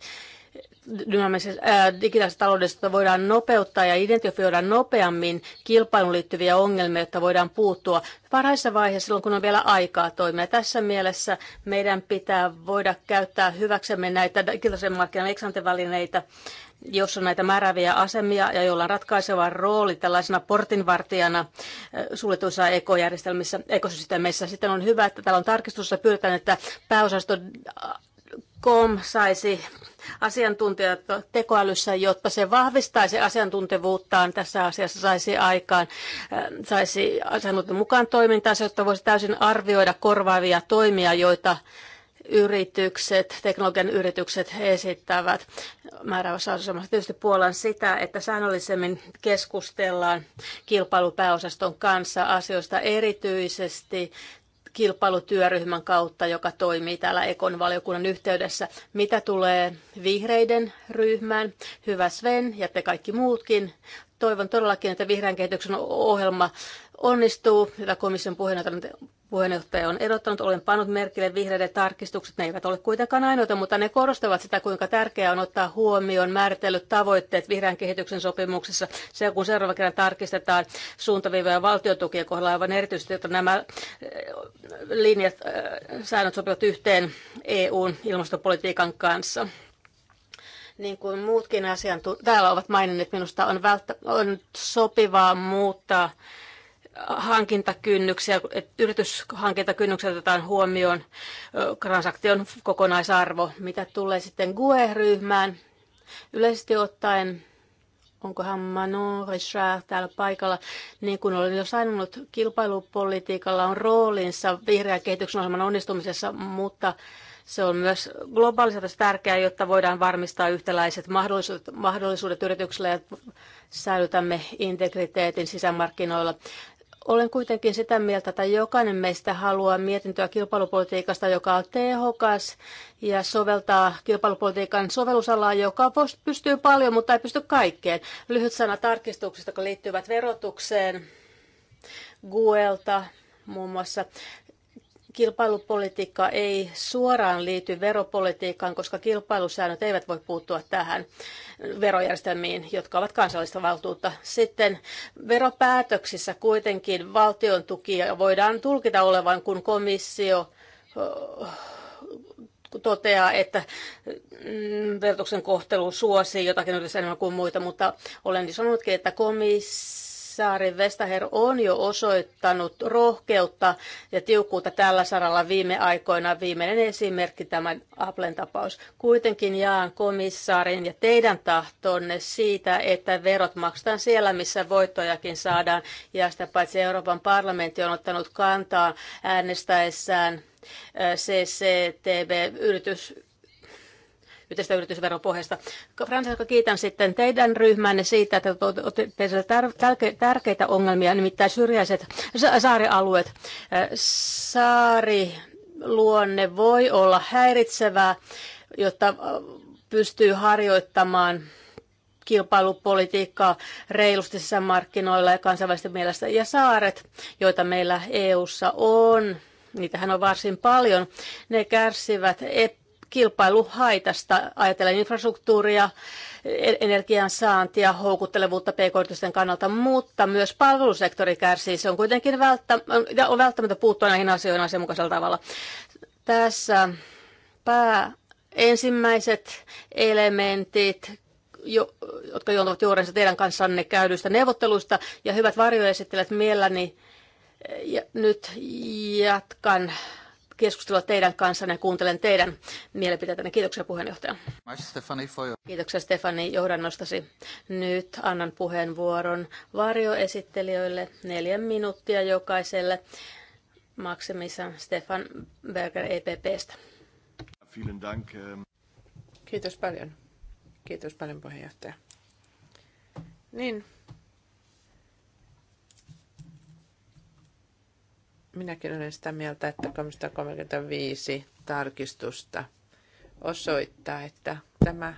dynaamisesta, ää, digitaalisesta taloudesta voidaan nopeuttaa ja identifioida nopeammin kilpailuun liittyviä ongelmia, jotta voidaan puuttua varhaisessa vaiheessa silloin, kun on vielä aikaa toimia. Tässä mielessä meidän pitää voida käyttää hyväksemme näitä digitaalisen markkinan eksantevälineitä, jos on näitä määräviä asemia ja jolla on ratkaiseva rooli tällaisena portinvartijana suljetuissa ekojärjestelmissä, ekosysteemeissä. Sitten on hyvä, että täällä on tarkistussa pyydetään, että pääosasto kom saisi asiantuntijat tekoälyssä, jotta se vahvistaisi asiantuntevuuttaan tässä asiassa, saisi aikaan, äh, saisi asiantuntijan mukaan toimintaa, jotta voisi täysin arvioida korvaavia toimia, joita yritykset, teknologian yritykset esittävät määräävässä asemassa. Tietysti puolan sitä, että säännöllisemmin keskustellaan kilpailupääosaston kanssa asioista erityisesti kilpailutyöryhmän kautta, joka toimii täällä Ekon valiokunnan yhteydessä. Mitä tulee vihreiden ryhmään, hyvä Sven ja te kaikki muutkin, toivon todellakin, että vihreän kehityksen ohjelma onnistuu, Hyvä komission puheenjohtaja Puheenjohtaja on erottanut, olen pannut merkille vihreiden tarkistukset. Ne eivät ole kuitenkaan ainoita, mutta ne korostavat sitä, kuinka tärkeää on ottaa huomioon määritellyt tavoitteet vihreän kehityksen sopimuksessa. Se, kun seuraava kerran tarkistetaan suuntaviivoja valtiotukien kohdalla aivan erityisesti, että nämä eh, linjat, eh, säännöt sopivat yhteen EUn ilmastopolitiikan kanssa niin kuin muutkin asiantuntijat täällä ovat maininneet, minusta on, välttä, on sopivaa muuttaa hankintakynnyksiä, että yrityshankintakynnykset otetaan huomioon transaktion kokonaisarvo, mitä tulee sitten GUE-ryhmään. Yleisesti ottaen, onkohan Manon Richard täällä paikalla, niin kuin olen jo sanonut, kilpailupolitiikalla on roolinsa vihreän kehityksen ohjelman onnistumisessa, mutta se on myös globaalisesti tärkeää, jotta voidaan varmistaa yhtäläiset mahdollisuudet, mahdollisuudet yrityksille ja säilytämme integriteetin sisämarkkinoilla. Olen kuitenkin sitä mieltä, että jokainen meistä haluaa mietintöä kilpailupolitiikasta, joka on tehokas ja soveltaa kilpailupolitiikan sovellusalaa, joka pystyy paljon, mutta ei pysty kaikkeen. Lyhyt sana tarkistuksista, jotka liittyvät verotukseen, Guelta muun muassa Kilpailupolitiikka ei suoraan liity veropolitiikkaan, koska kilpailusäännöt eivät voi puuttua tähän verojärjestelmiin, jotka ovat kansallista valtuutta. Sitten veropäätöksissä kuitenkin valtion tukia voidaan tulkita olevan, kun komissio toteaa, että mm, verotuksen kohtelu suosii jotakin yhdessä enemmän kuin muita, mutta olen sanonutkin, että komissio komissaari Vestager on jo osoittanut rohkeutta ja tiukkuutta tällä saralla viime aikoina. Viimeinen esimerkki tämä Applen tapaus. Kuitenkin jaan komissaarin ja teidän tahtonne siitä, että verot maksetaan siellä, missä voittojakin saadaan. Ja sitä paitsi Euroopan parlamentti on ottanut kantaa äänestäessään CCTV-yritys yhteistä yritysveropohjasta. Francesca, kiitän sitten teidän ryhmänne siitä, että tär- tärkeitä ongelmia, nimittäin syrjäiset saarialueet. Äh, Saari luonne voi olla häiritsevää, jotta äh, pystyy harjoittamaan kilpailupolitiikkaa reilusti sisämarkkinoilla ja kansainvälisten mielestä. Ja saaret, joita meillä EU:ssa on, niitähän on varsin paljon, ne kärsivät ep kilpailuhaitasta, ajatellen infrastruktuuria, e- energian saantia, houkuttelevuutta pk kannalta, mutta myös palvelusektori kärsii. Se on kuitenkin välttä, on välttämättä puuttua näihin asioihin asianmukaisella tavalla. Tässä pää ensimmäiset elementit, jo, jotka juontavat juurensa teidän kanssanne käydyistä neuvotteluista. Ja hyvät varjoesittelijät, mielelläni ja nyt jatkan keskustella teidän kanssanne ja kuuntelen teidän mielipiteitänne. Kiitoksia puheenjohtaja. Kiitoksia Stefani johdannostasi. Nyt annan puheenvuoron varjoesittelijöille neljän minuuttia jokaiselle. Maksimissa Stefan Berger EPPstä. Eh. Kiitos paljon. Kiitos paljon puheenjohtaja. Niin, Minäkin olen sitä mieltä, että 335 tarkistusta osoittaa, että tämä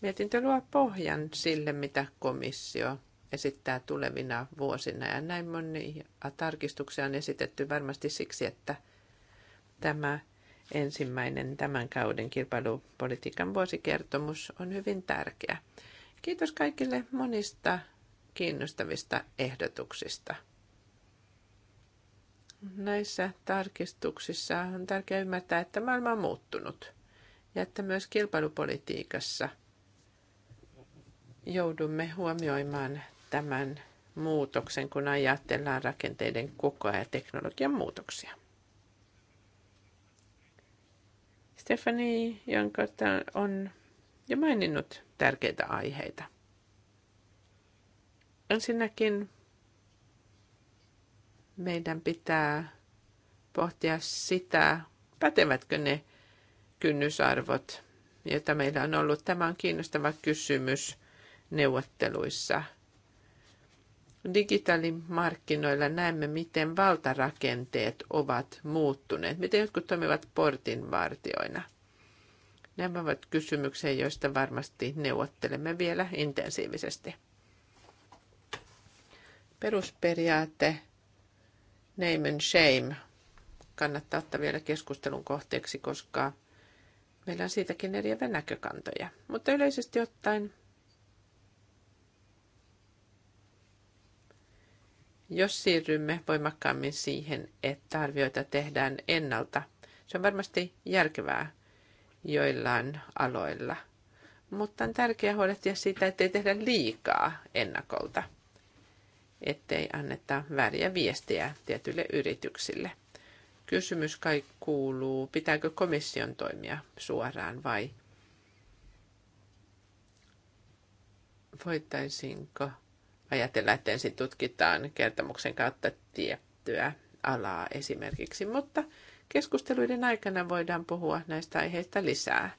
mietintö luo pohjan sille, mitä komissio esittää tulevina vuosina. Ja näin monia tarkistuksia on esitetty varmasti siksi, että tämä ensimmäinen tämän kauden kilpailupolitiikan vuosikertomus on hyvin tärkeä. Kiitos kaikille monista kiinnostavista ehdotuksista näissä tarkistuksissa on tärkeää ymmärtää, että maailma on muuttunut ja että myös kilpailupolitiikassa joudumme huomioimaan tämän muutoksen, kun ajatellaan rakenteiden kokoa ja teknologian muutoksia. Stefani, jonka on jo maininnut tärkeitä aiheita. Ensinnäkin meidän pitää pohtia sitä, pätevätkö ne kynnysarvot, joita meillä on ollut. Tämä on kiinnostava kysymys neuvotteluissa. Digitaalimarkkinoilla näemme, miten valtarakenteet ovat muuttuneet, miten jotkut toimivat portinvartioina. Nämä ovat kysymyksiä, joista varmasti neuvottelemme vielä intensiivisesti. Perusperiaate name and shame kannattaa ottaa vielä keskustelun kohteeksi, koska meillä on siitäkin eriäviä näkökantoja. Mutta yleisesti ottaen, jos siirrymme voimakkaammin siihen, että arvioita tehdään ennalta, se on varmasti järkevää joillain aloilla. Mutta on tärkeää huolehtia siitä, ettei tehdä liikaa ennakolta – ettei anneta väriä viestiä tietyille yrityksille. Kysymys kai kuuluu, pitääkö komission toimia suoraan vai voitaisiinko ajatella, että ensin tutkitaan kertomuksen kautta tiettyä alaa esimerkiksi, mutta keskusteluiden aikana voidaan puhua näistä aiheista lisää.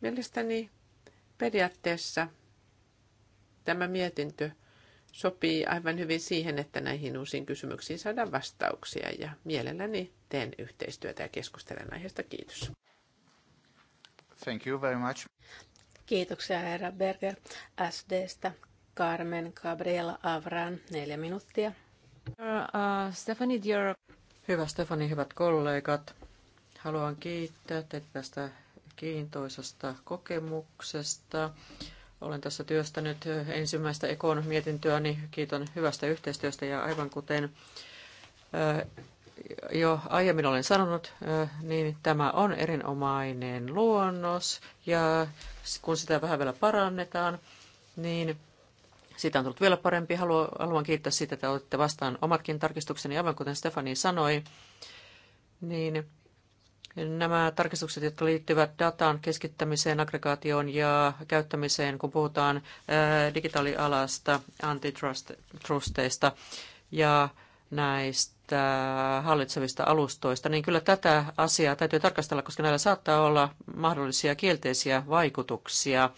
Mielestäni periaatteessa tämä mietintö – sopii aivan hyvin siihen, että näihin uusiin kysymyksiin saadaan vastauksia ja mielelläni teen yhteistyötä ja keskustelen aiheesta. Kiitos. Thank you very much. Kiitoksia herra Berger SDstä. Carmen Gabriela Avran, neljä minuuttia. Uh, uh Stephanie dear... Hyvä Stefani, hyvät kollegat. Haluan kiittää teitä tästä kiintoisesta kokemuksesta. Olen tässä työstänyt ensimmäistä Ekon mietintöäni. Niin kiitän hyvästä yhteistyöstä ja aivan kuten jo aiemmin olen sanonut, niin tämä on erinomainen luonnos ja kun sitä vähän vielä parannetaan, niin siitä on tullut vielä parempi. Haluan kiittää siitä, että olette vastaan omatkin tarkistukseni, aivan kuten Stefani sanoi, niin Nämä tarkistukset, jotka liittyvät datan keskittämiseen, aggregaatioon ja käyttämiseen, kun puhutaan äh, digitaalialasta, antitrusteista ja näistä hallitsevista alustoista, niin kyllä tätä asiaa täytyy tarkastella, koska näillä saattaa olla mahdollisia kielteisiä vaikutuksia äh,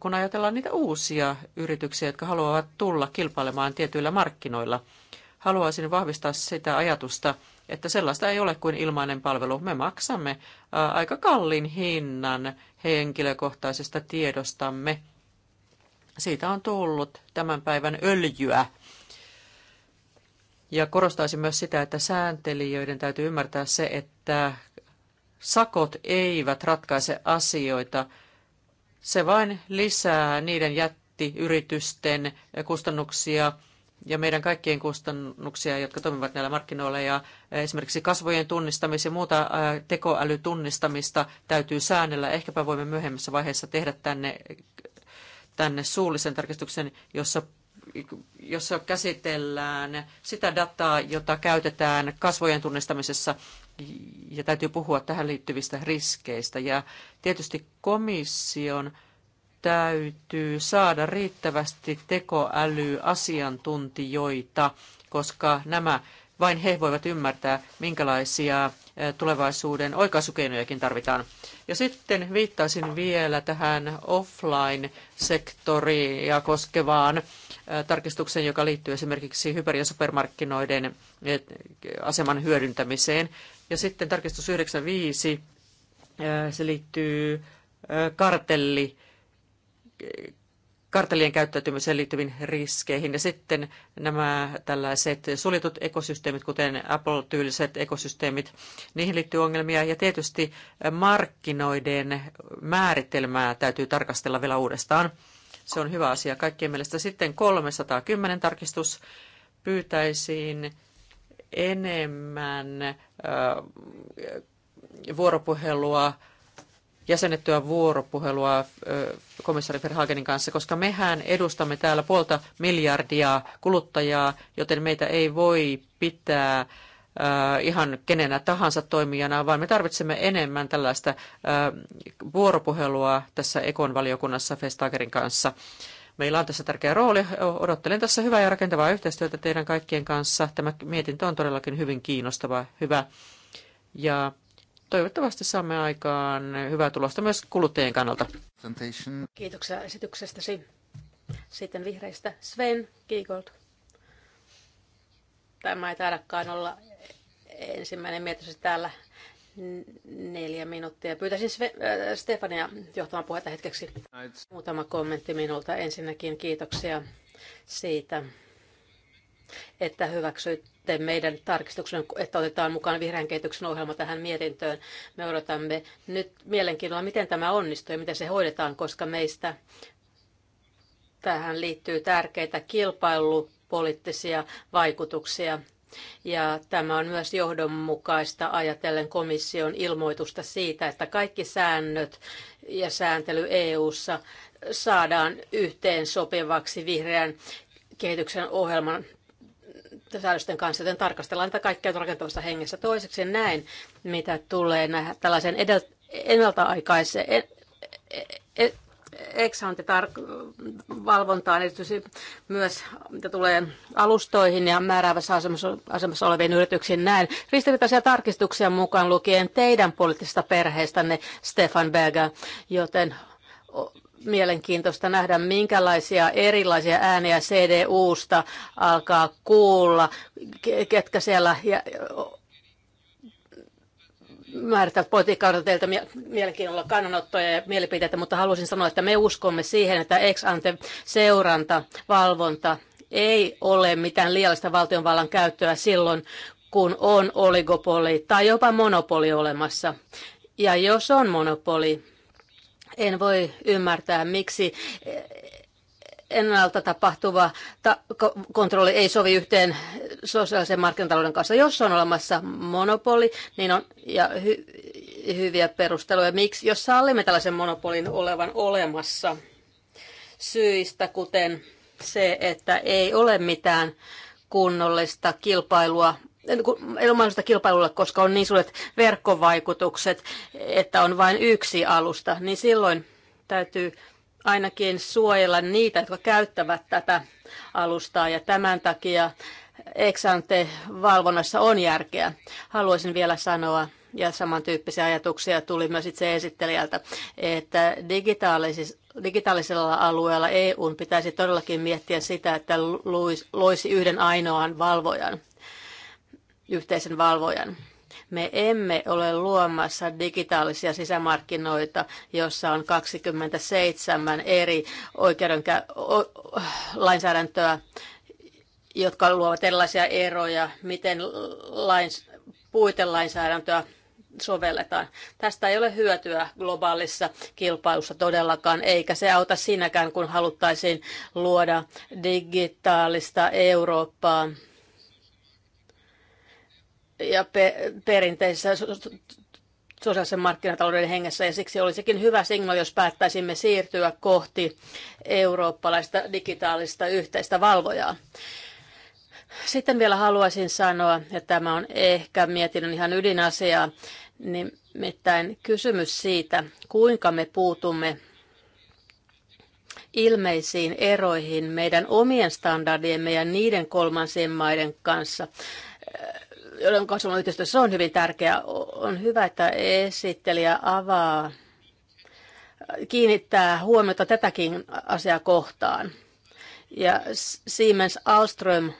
kun ajatellaan niitä uusia yrityksiä, jotka haluavat tulla kilpailemaan tietyillä markkinoilla. Haluaisin vahvistaa sitä ajatusta, että sellaista ei ole kuin ilmainen palvelu. Me maksamme aika kallin hinnan henkilökohtaisesta tiedostamme. Siitä on tullut tämän päivän öljyä. Ja korostaisin myös sitä, että sääntelijöiden täytyy ymmärtää se, että sakot eivät ratkaise asioita. Se vain lisää niiden jättiyritysten kustannuksia ja meidän kaikkien kustannuksia, jotka toimivat näillä markkinoilla. Ja esimerkiksi kasvojen tunnistamista ja muuta tekoälytunnistamista täytyy säännellä. Ehkäpä voimme myöhemmässä vaiheessa tehdä tänne, tänne suullisen tarkistuksen, jossa jossa käsitellään sitä dataa, jota käytetään kasvojen tunnistamisessa, ja täytyy puhua tähän liittyvistä riskeistä. Ja tietysti komission täytyy saada riittävästi tekoälyasiantuntijoita, koska nämä vain he voivat ymmärtää, minkälaisia tulevaisuuden oikaisukeinojakin tarvitaan. Ja sitten viittaisin vielä tähän offline-sektoria koskevaan tarkistukseen, joka liittyy esimerkiksi hyper- ja supermarkkinoiden aseman hyödyntämiseen. Ja sitten tarkistus 95, se liittyy kartelli kartelien käyttäytymiseen liittyviin riskeihin. Ja sitten nämä tällaiset suljetut ekosysteemit, kuten Apple-tyyliset ekosysteemit, niihin liittyy ongelmia. Ja tietysti markkinoiden määritelmää täytyy tarkastella vielä uudestaan. Se on hyvä asia kaikkien mielestä. Sitten 310 tarkistus pyytäisiin enemmän vuoropuhelua jäsennettyä vuoropuhelua komissaari Verhagenin kanssa, koska mehän edustamme täällä puolta miljardia kuluttajaa, joten meitä ei voi pitää ihan kenenä tahansa toimijana, vaan me tarvitsemme enemmän tällaista vuoropuhelua tässä Ekon valiokunnassa Vestagerin kanssa. Meillä on tässä tärkeä rooli. Odottelen tässä hyvää ja rakentavaa yhteistyötä teidän kaikkien kanssa. Tämä mietintö on todellakin hyvin kiinnostava, hyvä. Ja toivottavasti saamme aikaan hyvää tulosta myös kuluttajien kannalta. Kiitoksia esityksestäsi. Sitten vihreistä Sven Kiikolt. Tämä ei taidakaan olla ensimmäinen mietitys täällä neljä minuuttia. Pyytäisin Sve- äh, Stefania johtamaan puhetta hetkeksi. Muutama kommentti minulta. Ensinnäkin kiitoksia siitä, että hyväksyitte meidän tarkistuksen, että otetaan mukaan vihreän kehityksen ohjelma tähän mietintöön. Me odotamme nyt mielenkiinnolla, miten tämä onnistuu ja miten se hoidetaan, koska meistä tähän liittyy tärkeitä kilpailupoliittisia vaikutuksia. Ja tämä on myös johdonmukaista ajatellen komission ilmoitusta siitä, että kaikki säännöt ja sääntely EU:ssa saadaan yhteen sopivaksi vihreän kehityksen ohjelman säädösten kanssa, joten tarkastellaan tätä kaikkea rakentavassa hengessä. Toiseksi näin, mitä tulee nähdä tällaisen edel, ennaltaaikaisen ex-ante-valvontaan, e, e, erityisesti myös mitä tulee alustoihin ja määräävässä asemassa, asemassa oleviin yrityksiin näin. Ristiriitaisia tarkistuksia mukaan lukien teidän poliittisesta perheestänne, Stefan Berger, joten mielenkiintoista nähdä, minkälaisia erilaisia ääniä CDUsta alkaa kuulla, ketkä siellä määrittävät politiikkaudelta teiltä mielenkiinnolla kannanottoja ja mielipiteitä, mutta haluaisin sanoa, että me uskomme siihen, että ex ante seuranta, valvonta ei ole mitään liiallista valtionvallan käyttöä silloin, kun on oligopoli tai jopa monopoli olemassa. Ja jos on monopoli, en voi ymmärtää, miksi ennalta tapahtuva ta- kontrolli ei sovi yhteen sosiaalisen markkinatalouden kanssa. Jos on olemassa monopoli, niin on ja hy- hyviä perusteluja, miksi, jos sallimme tällaisen monopolin olevan olemassa syistä, kuten se, että ei ole mitään kunnollista kilpailua niin ei ole mahdollista kilpailulla, koska on niin suuret verkkovaikutukset, että on vain yksi alusta, niin silloin täytyy ainakin suojella niitä, jotka käyttävät tätä alustaa ja tämän takia exante valvonnassa on järkeä. Haluaisin vielä sanoa, ja samantyyppisiä ajatuksia tuli myös itse esittelijältä, että digitaalisissa digitaalisella alueella EU pitäisi todellakin miettiä sitä, että loisi yhden ainoan valvojan yhteisen valvojan. Me emme ole luomassa digitaalisia sisämarkkinoita, jossa on 27 eri oikeudenkä- o- lainsäädäntöä, jotka luovat erilaisia eroja, miten lains- puitelainsäädäntöä sovelletaan. Tästä ei ole hyötyä globaalissa kilpailussa todellakaan, eikä se auta siinäkään, kun haluttaisiin luoda digitaalista Eurooppaa ja pe- perinteisessä sosiaalisen markkinatalouden hengessä ja siksi olisikin hyvä signaali, jos päättäisimme siirtyä kohti eurooppalaista digitaalista yhteistä valvojaa. Sitten vielä haluaisin sanoa, että tämä on ehkä mietinnön ihan ydinasiaa, nimittäin kysymys siitä, kuinka me puutumme ilmeisiin eroihin meidän omien standardiemme ja niiden kolmansien maiden kanssa joiden kanssa on yhteistyössä, on hyvin tärkeää. On hyvä, että esittelijä avaa, kiinnittää huomiota tätäkin asiaa kohtaan. Ja Siemens Alström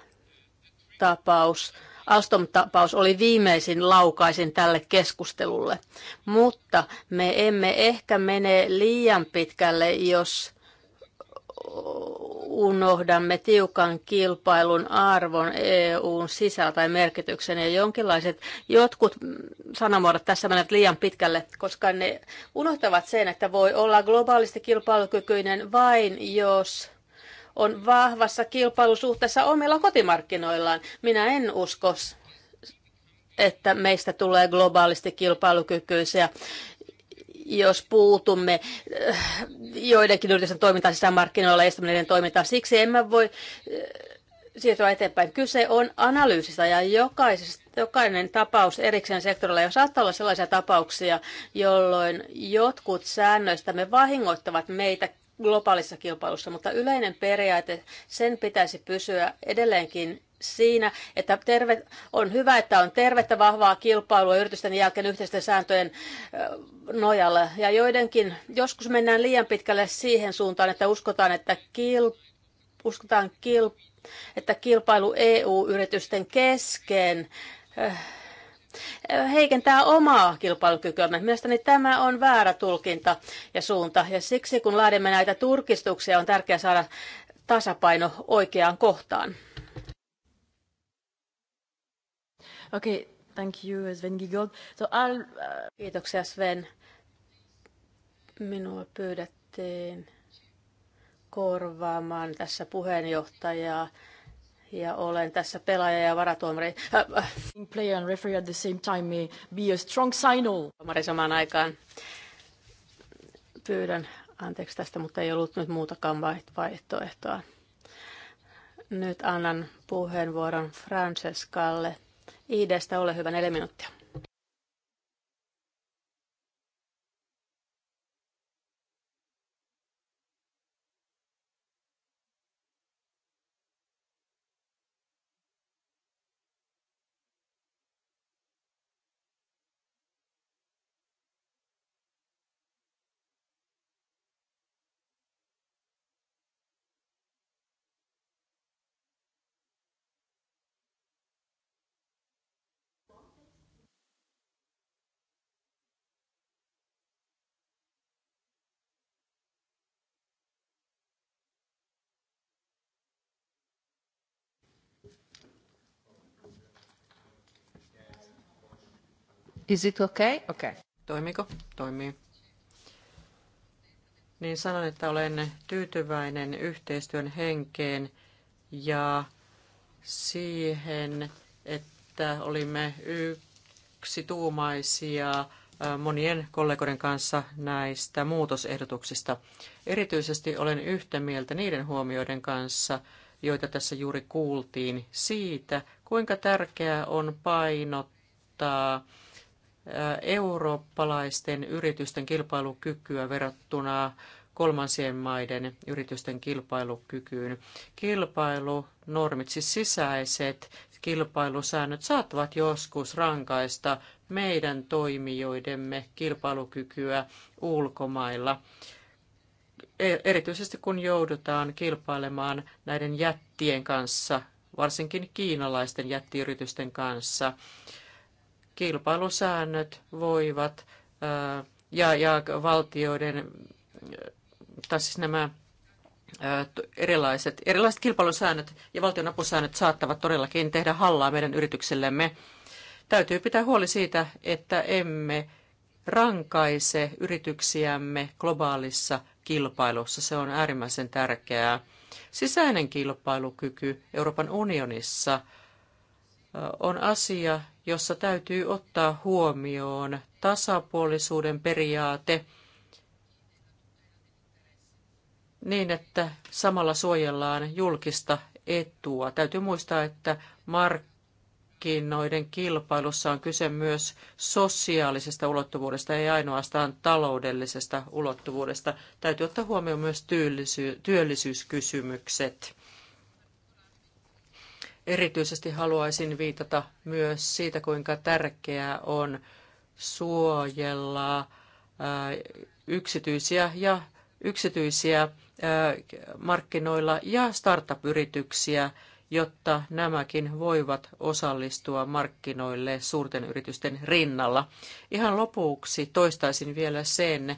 tapaus, Alstom-tapaus oli viimeisin laukaisin tälle keskustelulle, mutta me emme ehkä mene liian pitkälle, jos unohdamme tiukan kilpailun arvon EUn sisällä tai merkityksen ja jonkinlaiset jotkut sanamuodot tässä menevät liian pitkälle, koska ne unohtavat sen, että voi olla globaalisti kilpailukykyinen vain jos on vahvassa kilpailusuhteessa omilla kotimarkkinoillaan. Minä en usko että meistä tulee globaalisti kilpailukykyisiä, jos puutumme äh, joidenkin yritysten toimintaan sisämarkkinoilla ja estämme toimintaan. Siksi emme voi äh, siirtyä eteenpäin. Kyse on analyysistä ja jokaisesta, jokainen tapaus erikseen sektorilla. jo saattaa olla sellaisia tapauksia, jolloin jotkut säännöistämme vahingoittavat meitä globaalissa kilpailussa, mutta yleinen periaate, sen pitäisi pysyä edelleenkin siinä, että terve, on hyvä, että on tervettä vahvaa kilpailua yritysten jälkeen yhteisten sääntöjen nojalla. Ja joidenkin, joskus mennään liian pitkälle siihen suuntaan, että uskotaan, että kilpailu uskotaan kil, että kilpailu EU-yritysten kesken heikentää omaa kilpailukykyämme. Mielestäni tämä on väärä tulkinta ja suunta, ja siksi kun laadimme näitä turkistuksia, on tärkeää saada tasapaino oikeaan kohtaan. Okei, okay, thank you Sven Gigold. So I'll, uh... Kiitoksia Sven. Minua pyydettiin korvaamaan tässä puheenjohtajaa ja olen tässä pelaaja ja varatuomari. Play and referee at the same time eh, be a strong signal. Tuomari samaan aikaan. Pyydän anteeksi tästä, mutta ei ollut nyt muutakaan vaihtoehtoa. Nyt annan puheenvuoron Francescalle. IDstä, ole hyvä, neljä minuuttia. Is it okay? Okay. Toimiko? Toimii. Niin sanon, että olen tyytyväinen yhteistyön henkeen ja siihen, että olimme yksituumaisia monien kollegoiden kanssa näistä muutosehdotuksista. Erityisesti olen yhtä mieltä niiden huomioiden kanssa, joita tässä juuri kuultiin, siitä, kuinka tärkeää on painottaa eurooppalaisten yritysten kilpailukykyä verrattuna kolmansien maiden yritysten kilpailukykyyn. Kilpailunormit, siis sisäiset kilpailusäännöt, saattavat joskus rankaista meidän toimijoidemme kilpailukykyä ulkomailla. E, erityisesti kun joudutaan kilpailemaan näiden jättien kanssa, varsinkin kiinalaisten jättiyritysten kanssa kilpailusäännöt voivat ja, ja valtioiden, tai siis nämä erilaiset, erilaiset kilpailusäännöt ja valtionapusäännöt saattavat todellakin tehdä hallaa meidän yrityksellemme. Täytyy pitää huoli siitä, että emme rankaise yrityksiämme globaalissa kilpailussa. Se on äärimmäisen tärkeää. Sisäinen kilpailukyky Euroopan unionissa – on asia, jossa täytyy ottaa huomioon tasapuolisuuden periaate niin, että samalla suojellaan julkista etua. Täytyy muistaa, että markkinoiden kilpailussa on kyse myös sosiaalisesta ulottuvuudesta, ei ainoastaan taloudellisesta ulottuvuudesta. Täytyy ottaa huomioon myös työllisyyskysymykset. Erityisesti haluaisin viitata myös siitä, kuinka tärkeää on suojella yksityisiä ja yksityisiä markkinoilla ja startup-yrityksiä, jotta nämäkin voivat osallistua markkinoille suurten yritysten rinnalla. Ihan lopuksi toistaisin vielä sen,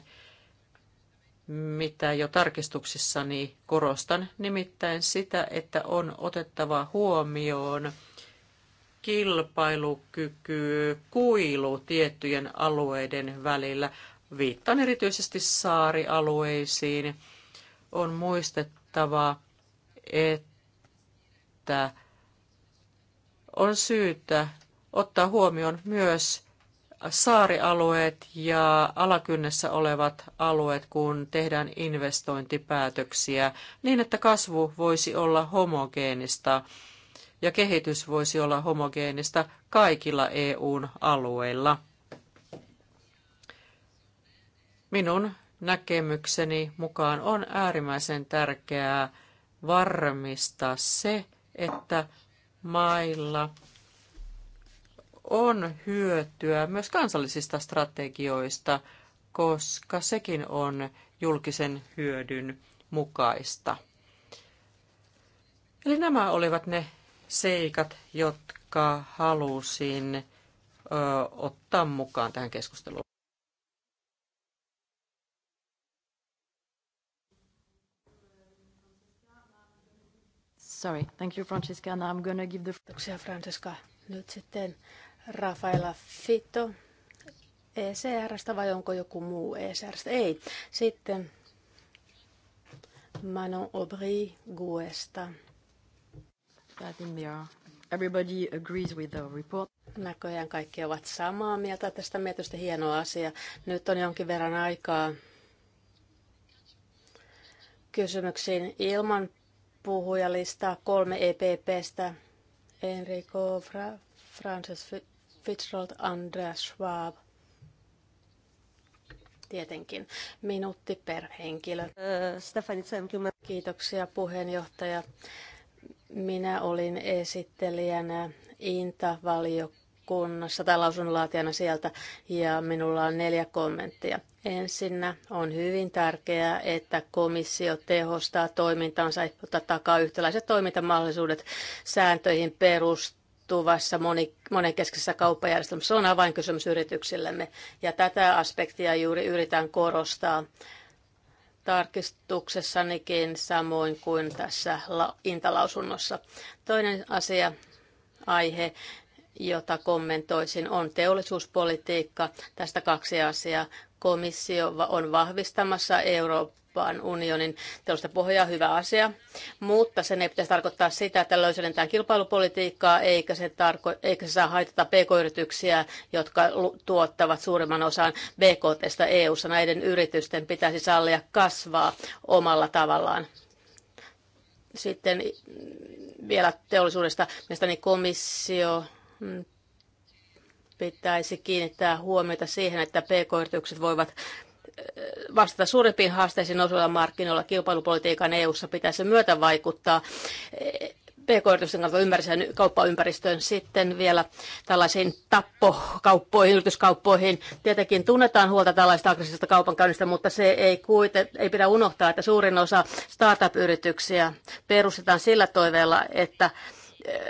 mitä jo tarkistuksissani korostan, nimittäin sitä, että on otettava huomioon kilpailukyky, kuilu tiettyjen alueiden välillä. Viittaan erityisesti saarialueisiin. On muistettava, että on syytä ottaa huomioon myös saarialueet ja alakynnessä olevat alueet, kun tehdään investointipäätöksiä, niin että kasvu voisi olla homogeenista ja kehitys voisi olla homogeenista kaikilla EUn alueilla. Minun näkemykseni mukaan on äärimmäisen tärkeää varmistaa se, että mailla on hyötyä myös kansallisista strategioista, koska sekin on julkisen hyödyn mukaista. Eli nämä olivat ne seikat, jotka halusin ö, ottaa mukaan tähän keskusteluun. Sorry, thank you Francesca. Now I'm gonna give the... Kiitoksia Francesca. Nyt sitten Rafaela Fito ECRstä vai onko joku muu ECRstä? Ei. Sitten Manon Aubry Guesta. I think Everybody agrees with the report. Näköjään kaikki ovat samaa mieltä tästä mietitystä. Hieno asia. Nyt on jonkin verran aikaa kysymyksiin ilman puhujalistaa kolme EPPstä. Enrico Fra- Francis Fitzgerald, Andreas Schwab. Tietenkin. Minuutti per henkilö. Kiitoksia puheenjohtaja. Minä olin esittelijänä Inta-valiokunnassa tai lausunnonlaatijana sieltä ja minulla on neljä kommenttia. Ensinnä on hyvin tärkeää, että komissio tehostaa toimintaansa, että takaa yhtäläiset toimintamahdollisuudet sääntöihin perustuen muuttuvassa moni, monenkeskisessä kauppajärjestelmässä. Se on avainkysymys yrityksillemme ja tätä aspektia juuri yritän korostaa tarkistuksessanikin samoin kuin tässä intalausunnossa. Toinen asia, aihe, jota kommentoisin, on teollisuuspolitiikka. Tästä kaksi asiaa. Komissio on vahvistamassa Euroopan Eurooppaan unionin Tällaista pohjaa, hyvä asia, mutta sen ei pitäisi tarkoittaa sitä, että löysennetään kilpailupolitiikkaa, eikä se, tarko- eikä se saa haitata pk-yrityksiä, jotka tuottavat suurimman osan BKTstä EU-ssa. Näiden yritysten pitäisi sallia kasvaa omalla tavallaan. Sitten vielä teollisuudesta. Mielestäni komissio mm, pitäisi kiinnittää huomiota siihen, että pk-yritykset voivat vastata suurempiin haasteisiin nousuilla markkinoilla kilpailupolitiikan EU-ssa pitäisi myötä vaikuttaa pk-yritysten kautta ympäristöön, kauppaympäristöön sitten vielä tällaisiin tappokauppoihin, yrityskauppoihin. Tietenkin tunnetaan huolta tällaista aggressiivisesta kaupankäynnistä, mutta se ei, kuite, ei pidä unohtaa, että suurin osa startup-yrityksiä perustetaan sillä toiveella, että eh,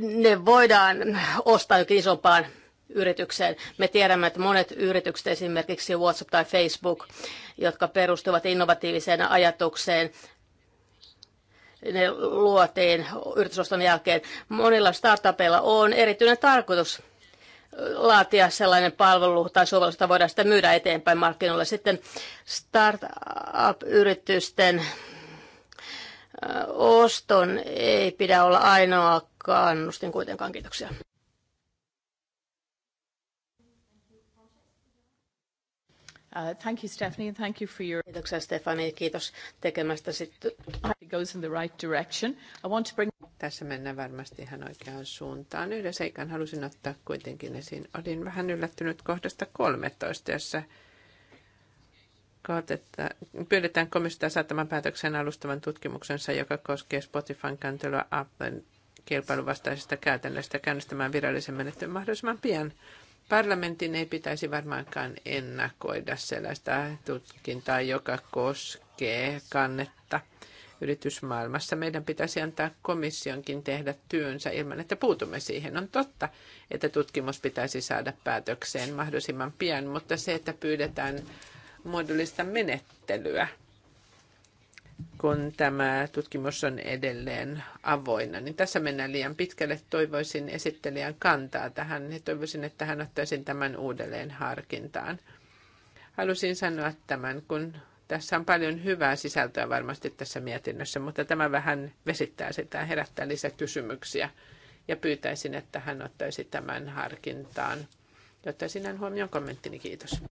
ne voidaan ostaa jokin isompaan yritykseen. Me tiedämme, että monet yritykset, esimerkiksi WhatsApp tai Facebook, jotka perustuvat innovatiiviseen ajatukseen, ne luotiin yritysoston jälkeen. Monilla startupeilla on erityinen tarkoitus laatia sellainen palvelu tai sovellus, jota voidaan sitä myydä eteenpäin markkinoille. Sitten startup-yritysten oston ei pidä olla ainoa kannustin kuitenkaan. Kiitoksia. Uh, thank you Stephanie and thank you for your... Kiitoksia kiitos tekemästä sitten. It goes in the right direction. I want to bring... Tässä mennään varmasti ihan oikeaan suuntaan. Yhden seikan halusin ottaa kuitenkin esiin. Olin vähän yllättynyt kohdasta 13, jossa kaotetta, pyydetään komissiota saattamaan päätöksen alustavan tutkimuksensa, joka koskee Spotifyn kantelua Applen kilpailuvastaisesta käytännöstä käynnistämään virallisen menettelyn mahdollisimman pian. Parlamentin ei pitäisi varmaankaan ennakoida sellaista tutkintaa, joka koskee kannetta yritysmaailmassa. Meidän pitäisi antaa komissionkin tehdä työnsä ilman, että puutumme siihen. On totta, että tutkimus pitäisi saada päätökseen mahdollisimman pian, mutta se, että pyydetään muodollista menettelyä – kun tämä tutkimus on edelleen avoinna. Niin tässä mennään liian pitkälle. Toivoisin esittelijän kantaa tähän ja toivoisin, että hän ottaisi tämän uudelleen harkintaan. Halusin sanoa tämän, kun tässä on paljon hyvää sisältöä varmasti tässä mietinnössä, mutta tämä vähän vesittää sitä, herättää lisäkysymyksiä ja pyytäisin, että hän ottaisi tämän harkintaan. Jotta sinä huomioon kommenttini, kiitos.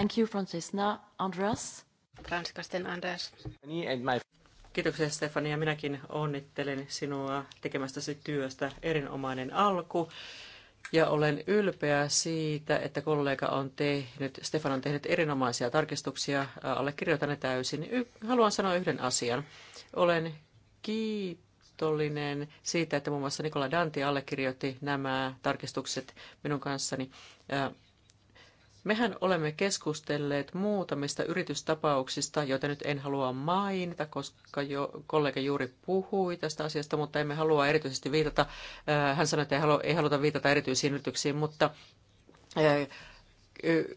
Thank you, Andreas? Ranskasten Andreas. Kiitoksia Stefania. Minäkin onnittelen sinua tekemästäsi työstä. Erinomainen alku. Ja olen ylpeä siitä, että kollega on tehnyt, Stefan on tehnyt erinomaisia tarkistuksia. Allekirjoitan ne täysin. haluan sanoa yhden asian. Olen kiitollinen siitä, että muun muassa Nikola Danti allekirjoitti nämä tarkistukset minun kanssani. Mehän olemme keskustelleet muutamista yritystapauksista, joita nyt en halua mainita, koska jo kollega juuri puhui tästä asiasta, mutta emme halua erityisesti viitata. Äh, hän sanoi, että ei, haluta viitata erityisiin yrityksiin, mutta äh,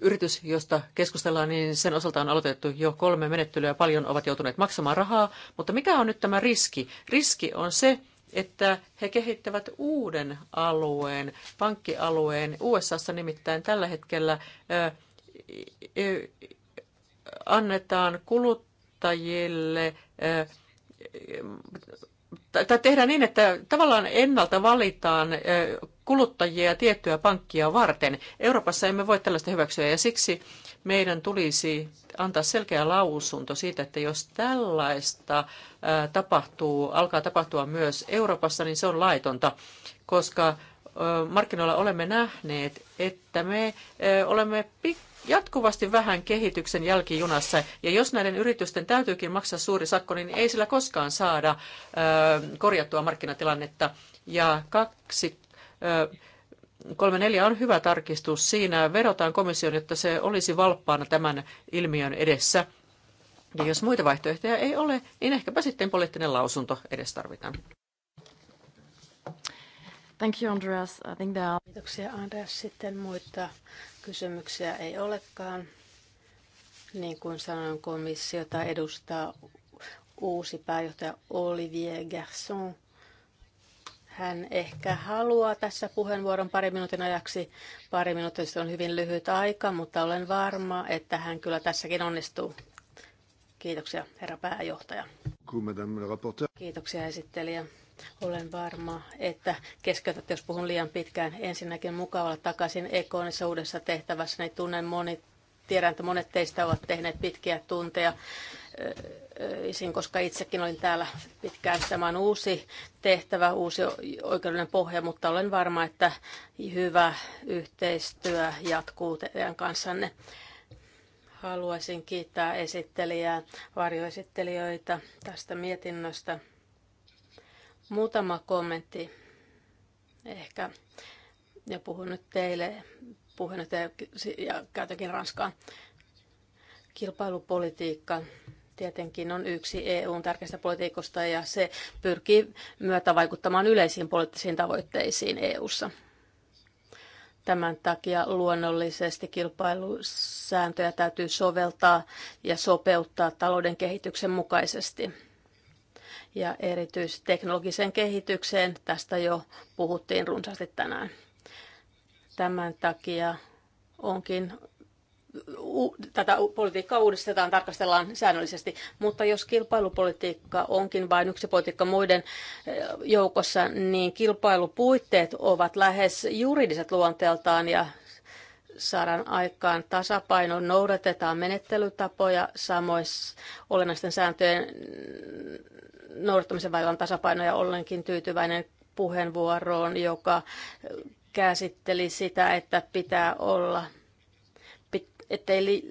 yritys, josta keskustellaan, niin sen osalta on aloitettu jo kolme menettelyä. Paljon ovat joutuneet maksamaan rahaa, mutta mikä on nyt tämä riski? Riski on se, että he kehittävät uuden alueen, pankkialueen. USAssa nimittäin tällä hetkellä annetaan kuluttajille tai tehdään niin, että tavallaan ennalta valitaan kuluttajia tiettyä pankkia varten. Euroopassa emme voi tällaista hyväksyä ja siksi meidän tulisi antaa selkeä lausunto siitä, että jos tällaista tapahtuu, alkaa tapahtua myös Euroopassa, niin se on laitonta, koska markkinoilla olemme nähneet, että me olemme jatkuvasti vähän kehityksen jälkijunassa. Ja jos näiden yritysten täytyykin maksaa suuri sakko, niin ei sillä koskaan saada korjattua markkinatilannetta. Ja kaksi 34 on hyvä tarkistus. Siinä verotaan komission, että se olisi valppaana tämän ilmiön edessä. Ja jos muita vaihtoehtoja ei ole, niin ehkäpä sitten poliittinen lausunto edes tarvitaan. Thank you, Andreas. I think there are... Kiitoksia, Andreas. Sitten muita kysymyksiä ei olekaan. Niin kuin sanoin, komissiota edustaa uusi pääjohtaja Olivier Garçon. Hän ehkä haluaa tässä puheenvuoron pari minuutin ajaksi. Pari minuuttia on hyvin lyhyt aika, mutta olen varma, että hän kyllä tässäkin onnistuu. Kiitoksia, herra pääjohtaja. Kiitoksia, esittelijä. Olen varma, että keskeytät, jos puhun liian pitkään. Ensinnäkin mukavalla takaisin Ekonissa uudessa tehtävässä. Niin tunnen moni, tiedän, että monet teistä ovat tehneet pitkiä tunteja Öö, öö, öö, isin, koska itsekin olin täällä pitkään. Tämä on uusi tehtävä, uusi oikeudellinen pohja, mutta olen varma, että hyvä yhteistyö jatkuu teidän kanssanne. Haluaisin kiittää esittelijää, varjoesittelijöitä tästä mietinnöstä. Muutama kommentti ehkä, ja puhun nyt teille, puhun nyt ja käytänkin Ranskaa. Kilpailupolitiikka tietenkin on yksi EUn tärkeistä politiikosta ja se pyrkii myötävaikuttamaan yleisiin poliittisiin tavoitteisiin EUssa. Tämän takia luonnollisesti kilpailusääntöjä täytyy soveltaa ja sopeuttaa talouden kehityksen mukaisesti. Ja erityisesti teknologiseen kehitykseen, tästä jo puhuttiin runsaasti tänään. Tämän takia onkin tätä politiikkaa uudistetaan, tarkastellaan säännöllisesti, mutta jos kilpailupolitiikka onkin vain yksi politiikka muiden eh, joukossa, niin kilpailupuitteet ovat lähes juridiset luonteeltaan ja saadaan aikaan tasapaino, noudatetaan menettelytapoja, samoin olennaisten sääntöjen noudattamisen vailla on tasapaino ja ollenkin tyytyväinen puheenvuoroon, joka käsitteli sitä, että pitää olla – ettei li,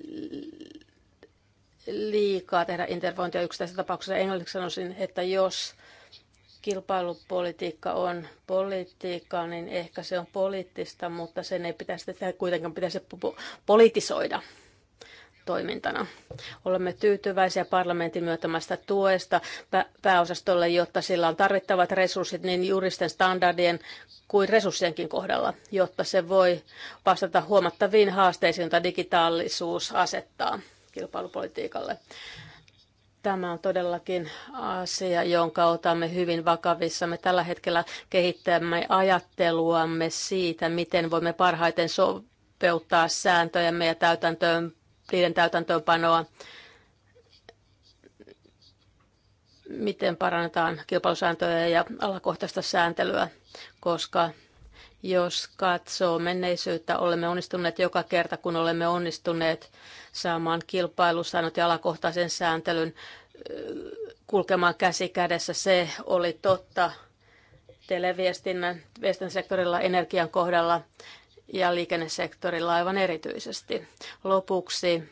liikaa tehdä intervointia yksittäisessä tapauksessa. Englanniksi sanoisin, että jos kilpailupolitiikka on politiikkaa, niin ehkä se on poliittista, mutta sen ei pitäisi kuitenkaan pitäisi politisoida toimintana. Olemme tyytyväisiä parlamentin myötämästä tuesta pääosastolle, jotta sillä on tarvittavat resurssit niin juristen standardien kuin resurssienkin kohdalla, jotta se voi vastata huomattaviin haasteisiin, joita digitaalisuus asettaa kilpailupolitiikalle. Tämä on todellakin asia, jonka otamme hyvin vakavissa. Me tällä hetkellä kehittämme ajatteluamme siitä, miten voimme parhaiten sopeuttaa sääntöjämme ja täytäntöön niiden täytäntöönpanoa, miten parannetaan kilpailusääntöjä ja alakohtaista sääntelyä, koska jos katsoo menneisyyttä, olemme onnistuneet joka kerta, kun olemme onnistuneet saamaan kilpailusäännöt ja alakohtaisen sääntelyn kulkemaan käsi kädessä. Se oli totta televiestinnän sektorilla energian kohdalla ja liikennesektorilla aivan erityisesti. Lopuksi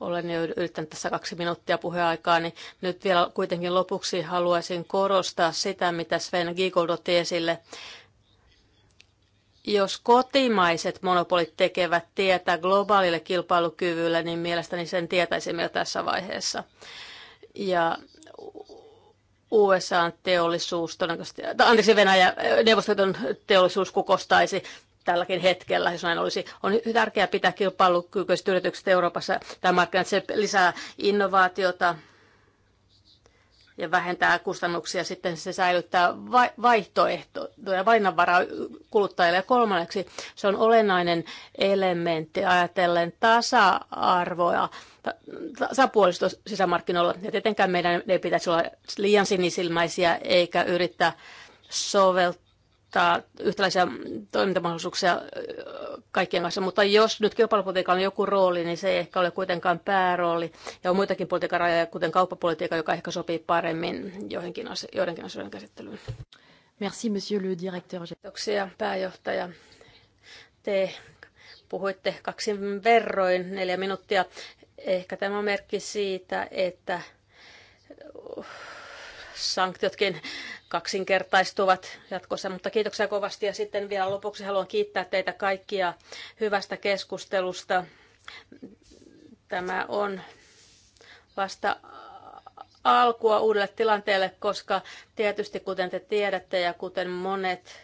olen jo yrittänyt tässä kaksi minuuttia puheaikaa, niin nyt vielä kuitenkin lopuksi haluaisin korostaa sitä, mitä Sven Giegold otti esille. Jos kotimaiset monopolit tekevät tietä globaalille kilpailukyvylle, niin mielestäni sen tietäisimme jo tässä vaiheessa. Ja USA-teollisuus, todennäköisesti, anteeksi Venäjä, neuvostoton teollisuus kukostaisi tälläkin hetkellä, jos näin olisi. On tärkeää pitää kilpailukykyiset yritykset Euroopassa. tai markkinat se lisää innovaatiota, ja vähentää kustannuksia, sitten se säilyttää vaihtoehtoja, valinnanvaraa kuluttajille. Ja kolmanneksi se on olennainen elementti ajatellen tasa-arvoa tasapuolista sisämarkkinoilla. Ja tietenkään meidän ei pitäisi olla liian sinisilmäisiä eikä yrittää soveltaa tota, yhtäläisiä toimintamahdollisuuksia kaikkien kanssa, mutta jos nyt kilpailupolitiikalla on joku rooli, niin se ei ehkä ole kuitenkaan päärooli. Ja on muitakin politiikan rajoja, kuten kauppapolitiikka, joka ehkä sopii paremmin joihinkin asio- joidenkin asioiden käsittelyyn. Merci, monsieur le directeur. Kiitoksia, pääjohtaja. Te puhuitte kaksin verroin, neljä minuuttia. Ehkä tämä on merkki siitä, että sanktiotkin kaksinkertaistuvat jatkossa. Mutta kiitoksia kovasti ja sitten vielä lopuksi haluan kiittää teitä kaikkia hyvästä keskustelusta. Tämä on vasta alkua uudelle tilanteelle, koska tietysti kuten te tiedätte ja kuten monet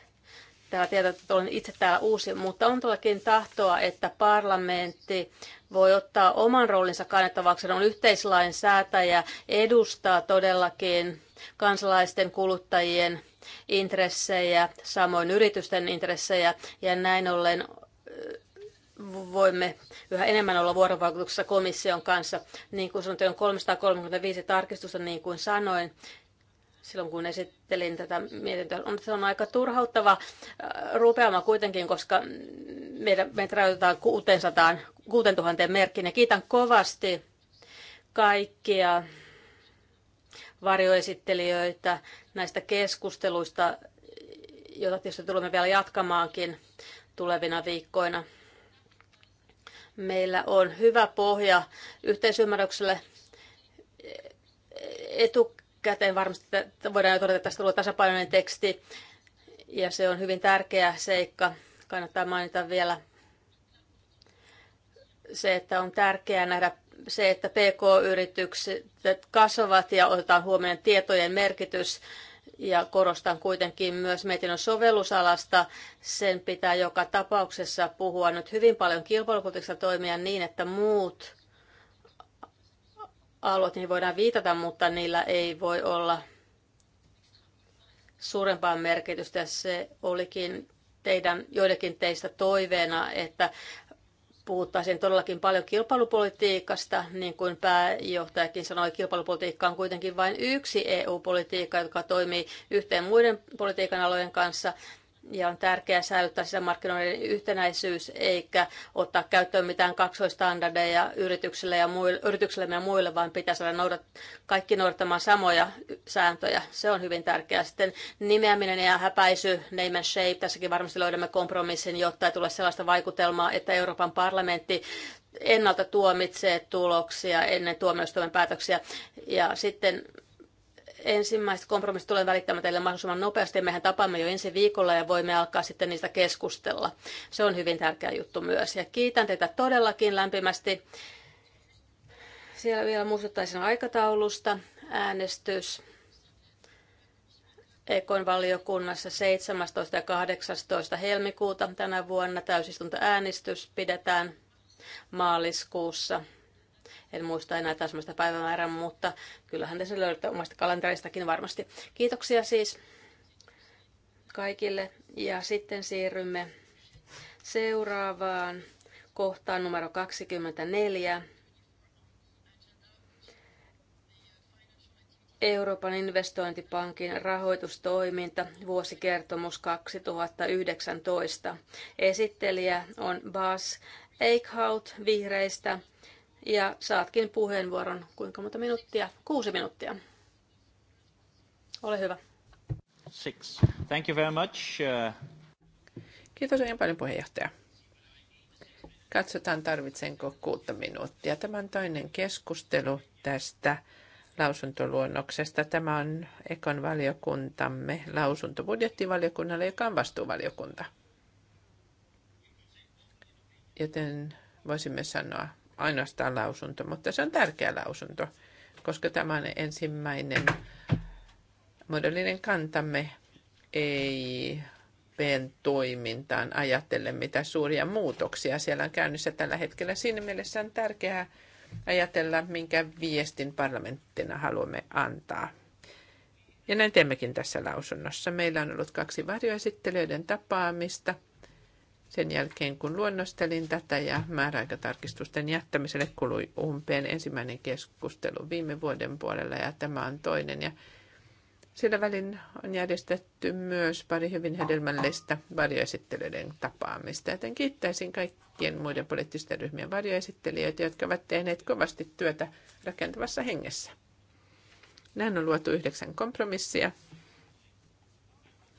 täällä tiedät, että olen itse täällä uusi, mutta on todellakin tahtoa, että parlamentti voi ottaa oman roolinsa kannettavaksi, on yhteislainsäätäjä, säätäjä, edustaa todellakin kansalaisten, kuluttajien intressejä, samoin yritysten intressejä ja näin ollen voimme yhä enemmän olla vuorovaikutuksessa komission kanssa. Niin kuin sanoin, on 335 tarkistusta, niin kuin sanoin, silloin kun esittelin tätä mietintöä. On, se on aika turhauttava rupeama kuitenkin, koska meitä, meitä rajoitetaan 600, 6000 merkkiin. Ja kiitän kovasti kaikkia varjoesittelijöitä näistä keskusteluista, joita tietysti tulemme vielä jatkamaankin tulevina viikkoina. Meillä on hyvä pohja yhteisymmärrykselle etukäteen varmasti voidaan jo todeta, että tästä tulee tasapainoinen teksti ja se on hyvin tärkeä seikka. Kannattaa mainita vielä se, että on tärkeää nähdä se, että PK-yritykset kasvavat ja otetaan huomioon tietojen merkitys, ja korostan kuitenkin myös mietinnön sovellusalasta. Sen pitää joka tapauksessa puhua nyt hyvin paljon kilpailukulttuurista toimia niin, että muut alueet niihin voidaan viitata, mutta niillä ei voi olla suurempaa merkitystä. Se olikin teidän joidenkin teistä toiveena, että puhuttaisiin todellakin paljon kilpailupolitiikasta, niin kuin pääjohtajakin sanoi, kilpailupolitiikka on kuitenkin vain yksi EU-politiikka, joka toimii yhteen muiden politiikan alojen kanssa ja on tärkeää säilyttää sitä markkinoiden yhtenäisyys eikä ottaa käyttöön mitään kaksoistandardeja yrityksille ja muille, yrityksille ja muille, vaan pitää saada noudat, kaikki noudattamaan samoja sääntöjä. Se on hyvin tärkeää. Sitten nimeäminen ja häpäisy, name and shape, tässäkin varmasti löydämme kompromissin, jotta ei tule sellaista vaikutelmaa, että Euroopan parlamentti ennalta tuomitsee tuloksia ennen tuomioistuimen päätöksiä. Ja sitten ensimmäiset kompromissit tulee välittämään teille mahdollisimman nopeasti. Mehän tapaamme jo ensi viikolla ja voimme alkaa sitten niistä keskustella. Se on hyvin tärkeä juttu myös. Ja kiitän teitä todellakin lämpimästi. Siellä vielä muistuttaisin aikataulusta. Äänestys Ekon valiokunnassa 17. ja 18. helmikuuta tänä vuonna täysistuntoäänestys pidetään maaliskuussa en muista enää täsmästä päivämäärän, mutta kyllähän te sen löydätte omasta kalenteristakin varmasti. Kiitoksia siis kaikille ja sitten siirrymme seuraavaan kohtaan numero 24. Euroopan investointipankin rahoitustoiminta vuosikertomus 2019. Esittelijä on Bas Eichhout vihreistä ja saatkin puheenvuoron, kuinka monta minuuttia? Kuusi minuuttia. Ole hyvä. Six. Thank you very much. Uh, Kiitos oikein paljon puheenjohtaja. Katsotaan, tarvitsenko kuutta minuuttia. Tämä on toinen keskustelu tästä lausuntoluonnoksesta. Tämä on Ekon valiokuntamme lausunto budjettivaliokunnalle, joka on vastuuvaliokunta. Joten voisimme sanoa ainoastaan lausunto, mutta se on tärkeä lausunto, koska tämä on ensimmäinen muodollinen kantamme ei EIPn toimintaan ajatellen, mitä suuria muutoksia siellä on käynnissä tällä hetkellä. Siinä mielessä on tärkeää ajatella, minkä viestin parlamenttina haluamme antaa. Ja näin teemmekin tässä lausunnossa. Meillä on ollut kaksi varjoesittelijöiden tapaamista – sen jälkeen, kun luonnostelin tätä ja määräaikatarkistusten jättämiselle kului umpeen ensimmäinen keskustelu viime vuoden puolella ja tämä on toinen. Ja sillä välin on järjestetty myös pari hyvin hedelmällistä varjoesittelyiden tapaamista. Joten kiittäisin kaikkien muiden poliittisten ryhmien varjoesittelijöitä, jotka ovat tehneet kovasti työtä rakentavassa hengessä. Näin on luotu yhdeksän kompromissia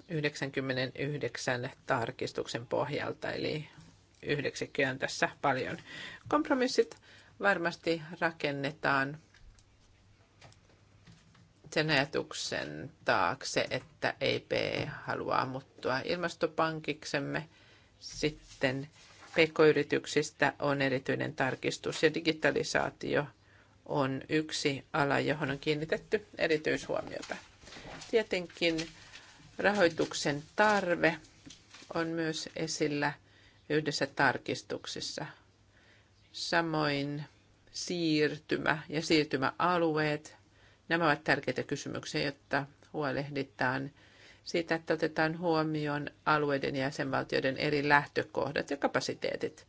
99 tarkistuksen pohjalta, eli on tässä paljon. Kompromissit varmasti rakennetaan sen ajatuksen taakse, että EP haluaa muuttua ilmastopankiksemme. Sitten PK-yrityksistä on erityinen tarkistus ja digitalisaatio on yksi ala, johon on kiinnitetty erityishuomiota. Tietenkin Rahoituksen tarve on myös esillä yhdessä tarkistuksissa Samoin siirtymä ja siirtymäalueet. Nämä ovat tärkeitä kysymyksiä, jotta huolehditaan siitä, että otetaan huomioon alueiden ja jäsenvaltioiden eri lähtökohdat ja kapasiteetit.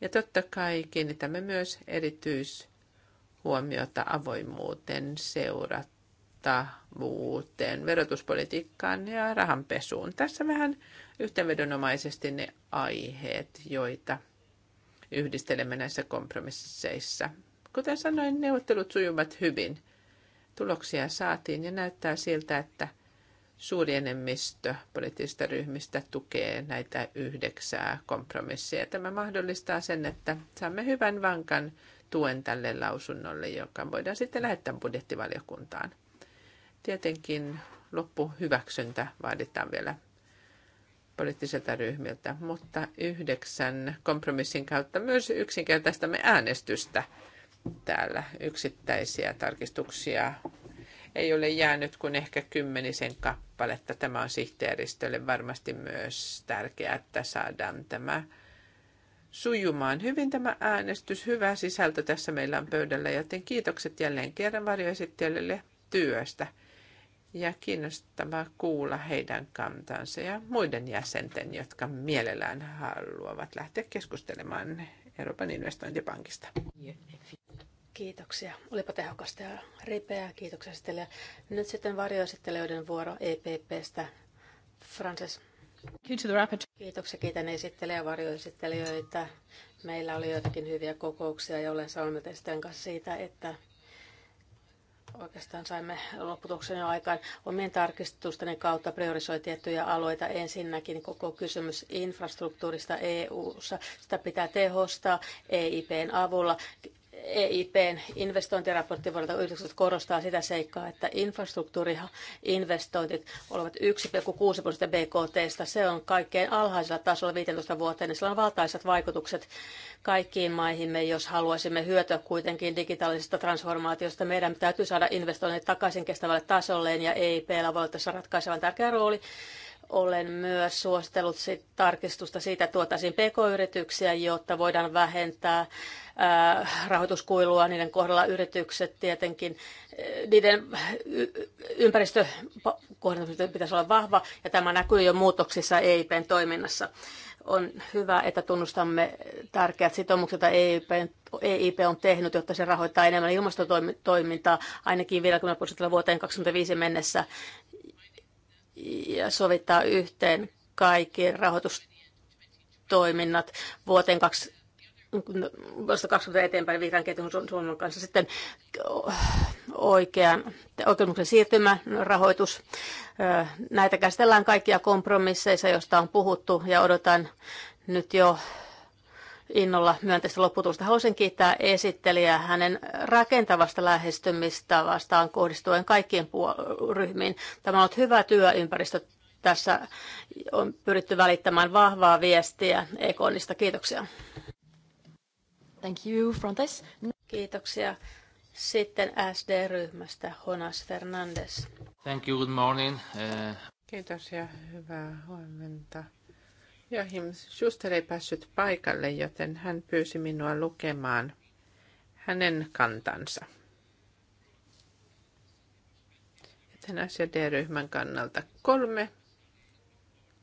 Ja totta kai kiinnitämme myös erityishuomiota avoimuuteen seurat vaikuttavuuteen, verotuspolitiikkaan ja rahanpesuun. Tässä vähän yhteenvedonomaisesti ne aiheet, joita yhdistelemme näissä kompromisseissa. Kuten sanoin, neuvottelut sujuvat hyvin. Tuloksia saatiin ja näyttää siltä, että suuri enemmistö poliittisista ryhmistä tukee näitä yhdeksää kompromissia. Tämä mahdollistaa sen, että saamme hyvän vankan tuen tälle lausunnolle, joka voidaan sitten lähettää budjettivaliokuntaan. Tietenkin loppuhyväksyntä vaaditaan vielä poliittiselta ryhmiltä, mutta yhdeksän kompromissin kautta myös yksinkertaistamme äänestystä täällä. Yksittäisiä tarkistuksia ei ole jäänyt kuin ehkä kymmenisen kappaletta. Tämä on sihteeristölle varmasti myös tärkeää, että saadaan tämä sujumaan hyvin tämä äänestys. Hyvä sisältö tässä meillä on pöydällä, joten kiitokset jälleen kerran varjoesittelylle työstä ja kiinnostavaa kuulla heidän kantansa ja muiden jäsenten, jotka mielellään haluavat lähteä keskustelemaan Euroopan investointipankista. Kiitoksia. Olipa tehokasta ja ripeää. Kiitoksia esittelijä. Nyt sitten varjoesittelijöiden vuoro EPPstä. Frances. Kiitoksia. Kiitän esittelijä ja varjoesittelijöitä. Meillä oli joitakin hyviä kokouksia ja olen saanut esittelijän kanssa siitä, että oikeastaan saimme lopputuksen jo aikaan. Omien tarkistusteni kautta priorisoi tiettyjä alueita. Ensinnäkin koko kysymys infrastruktuurista EU-ssa. Sitä pitää tehostaa EIPn avulla. EIPn investointiraportti vuodelta 19 korostaa sitä seikkaa, että infrastruktuuriinvestointit ovat 1,6 prosenttia BKTstä. Se on kaikkein alhaisella tasolla 15 vuoteen, niin sillä on valtaisat vaikutukset kaikkiin maihimme, jos haluaisimme hyötyä kuitenkin digitaalisesta transformaatiosta. Meidän täytyy saada investoinnit takaisin kestävälle tasolleen ja EIPllä voi olla tässä ratkaisevan tärkeä rooli olen myös suostellut sit tarkistusta siitä, että tuotaisiin pk-yrityksiä, jotta voidaan vähentää äh, rahoituskuilua niiden kohdalla yritykset tietenkin. Äh, niiden ympäristökohdalla pitäisi olla vahva ja tämä näkyy jo muutoksissa EIPn toiminnassa on hyvä, että tunnustamme tärkeät sitoumukset, joita EIP e on tehnyt, jotta se rahoittaa enemmän ilmastotoimintaa ainakin 50 prosentilla vuoteen 2025 mennessä ja sovittaa yhteen kaikki rahoitustoiminnat vuoteen 2020 eteenpäin vihreän ketjun Suomen kanssa. Sitten oh, oikean, oikeuden siirtymä, rahoitus. Näitä käsitellään kaikkia kompromisseissa, joista on puhuttu ja odotan nyt jo innolla myönteistä lopputulosta. Haluaisin kiittää esittelijää hänen rakentavasta lähestymistä vastaan kohdistuen kaikkien ryhmiin. Tämä on ollut hyvä työympäristö. Tässä on pyritty välittämään vahvaa viestiä Ekonista. Kiitoksia. Thank you, Frontes. Kiitoksia. Sitten SD-ryhmästä Jonas Fernandes. Thank you, good morning. Uh... Kiitos ja hyvää huomenta. Joachim Schuster ei päässyt paikalle, joten hän pyysi minua lukemaan hänen kantansa. asia d ryhmän kannalta kolme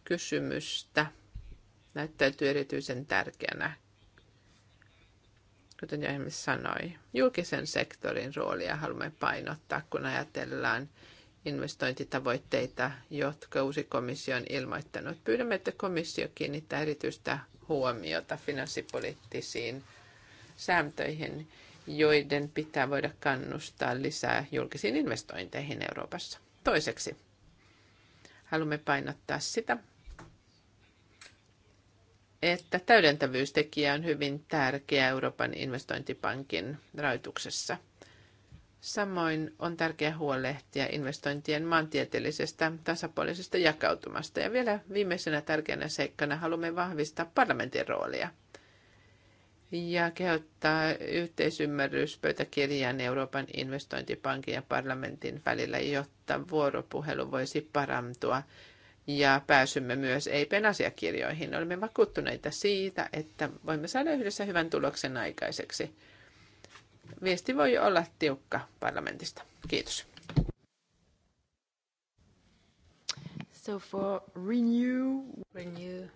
kysymystä näyttäytyy erityisen tärkeänä, kuten Joachim sanoi. Julkisen sektorin roolia haluamme painottaa, kun ajatellaan investointitavoitteita, jotka uusi komissio on ilmoittanut. Pyydämme, että komissio kiinnittää erityistä huomiota finanssipoliittisiin sääntöihin, joiden pitää voida kannustaa lisää julkisiin investointeihin Euroopassa. Toiseksi haluamme painottaa sitä, että täydentävyystekijä on hyvin tärkeä Euroopan investointipankin rahoituksessa. Samoin on tärkeää huolehtia investointien maantieteellisestä tasapuolisesta jakautumasta. Ja vielä viimeisenä tärkeänä seikkana haluamme vahvistaa parlamentin roolia ja kehottaa yhteisymmärryspöytäkirjan Euroopan investointipankin ja parlamentin välillä, jotta vuoropuhelu voisi parantua ja pääsymme myös EIPen asiakirjoihin. Olemme vakuuttuneita siitä, että voimme saada yhdessä hyvän tuloksen aikaiseksi viesti voi olla tiukka parlamentista. Kiitos. So for Renew, Renew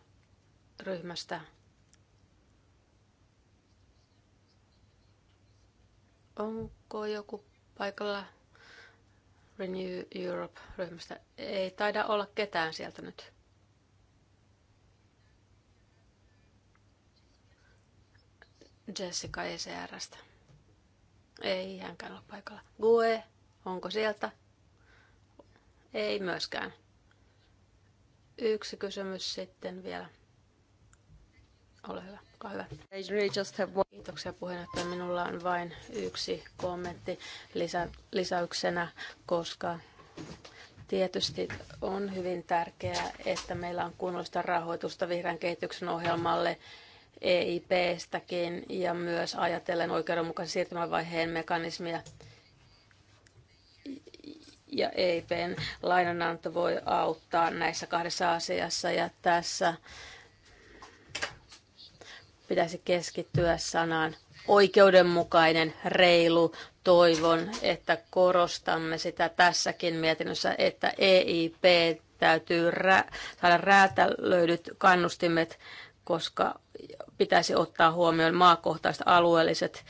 ryhmästä Onko joku paikalla Renew Europe-ryhmästä? Ei taida olla ketään sieltä nyt. Jessica ECRstä. Ei hänkään ole paikalla. Gue, onko sieltä? Ei myöskään. Yksi kysymys sitten vielä. Ole hyvä, olkaa hyvä. Kiitoksia puheenjohtaja. Minulla on vain yksi kommentti lisä, lisäyksenä, koska tietysti on hyvin tärkeää, että meillä on kunnollista rahoitusta vihreän kehityksen ohjelmalle eip EIP-stäkin ja myös ajatellen oikeudenmukaisen siirtymävaiheen mekanismia. Ja EIPn lainananto voi auttaa näissä kahdessa asiassa ja tässä pitäisi keskittyä sanaan oikeudenmukainen, reilu. Toivon, että korostamme sitä tässäkin mietinnössä, että EIP täytyy rä- saada räätälöidyt kannustimet koska pitäisi ottaa huomioon maakohtaiset alueelliset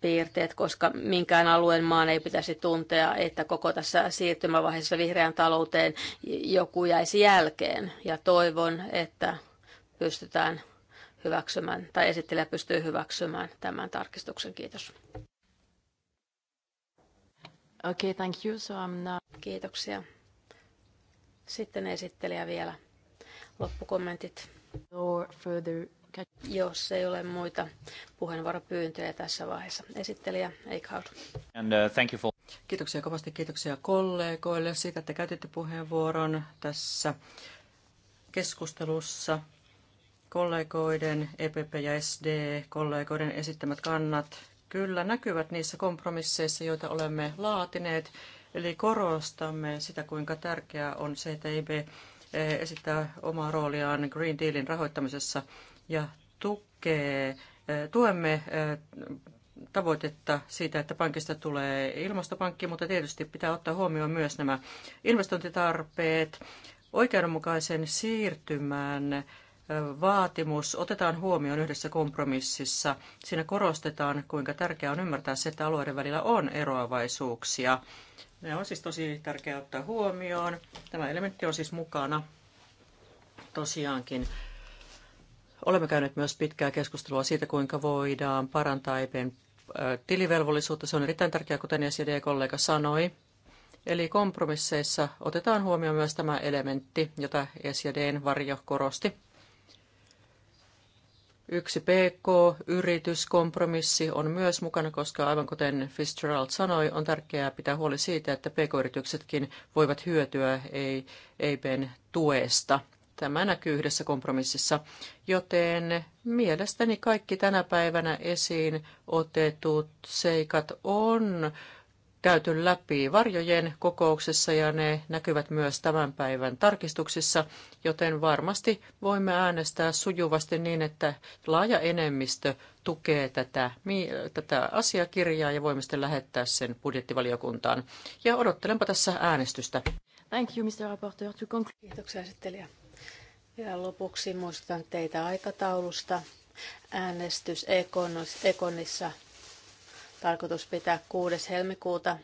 piirteet, koska minkään alueen maan ei pitäisi tuntea, että koko tässä siirtymävaiheessa vihreään talouteen joku jäisi jälkeen. Ja toivon, että pystytään hyväksymään tai esittelijä pystyy hyväksymään tämän tarkistuksen. Kiitos. Okay, thank you. So I'm now... Kiitoksia. Sitten esittelijä vielä loppukommentit. Jos ei ole muita puheenvuoropyyntöjä tässä vaiheessa. Esittelijä Eichhout. And, uh, thank you for... Kiitoksia kovasti, kiitoksia kollegoille siitä, että käytitte puheenvuoron tässä keskustelussa kollegoiden, EPP ja SD-kollegoiden esittämät kannat kyllä näkyvät niissä kompromisseissa, joita olemme laatineet. Eli korostamme sitä, kuinka tärkeää on se, että EPP esittää omaa rooliaan Green Dealin rahoittamisessa ja tukee, tuemme tavoitetta siitä, että pankista tulee ilmastopankki, mutta tietysti pitää ottaa huomioon myös nämä investointitarpeet. Oikeudenmukaisen siirtymän vaatimus otetaan huomioon yhdessä kompromississa. Siinä korostetaan, kuinka tärkeää on ymmärtää se, että alueiden välillä on eroavaisuuksia ne on siis tosi tärkeää ottaa huomioon. Tämä elementti on siis mukana tosiaankin. Olemme käyneet myös pitkää keskustelua siitä, kuinka voidaan parantaa EPn tilivelvollisuutta. Se on erittäin tärkeää, kuten SED-kollega sanoi. Eli kompromisseissa otetaan huomioon myös tämä elementti, jota SJDn varjo korosti. Yksi PK-yrityskompromissi on myös mukana, koska aivan kuten Fitzgerald sanoi, on tärkeää pitää huoli siitä, että PK-yrityksetkin voivat hyötyä EIPn tuesta. Tämä näkyy yhdessä kompromississa, joten mielestäni kaikki tänä päivänä esiin otetut seikat on käyty läpi varjojen kokouksessa ja ne näkyvät myös tämän päivän tarkistuksissa, joten varmasti voimme äänestää sujuvasti niin, että laaja enemmistö tukee tätä, tätä asiakirjaa ja voimme sitten lähettää sen budjettivaliokuntaan. Ja odottelenpa tässä äänestystä. Thank you, Mr. Rapporteur. To conclude. Kiitoksia esittelijä. Ja lopuksi muistutan teitä aikataulusta. Äänestys Ekonissa Tarkoitus pitää 6. helmikuuta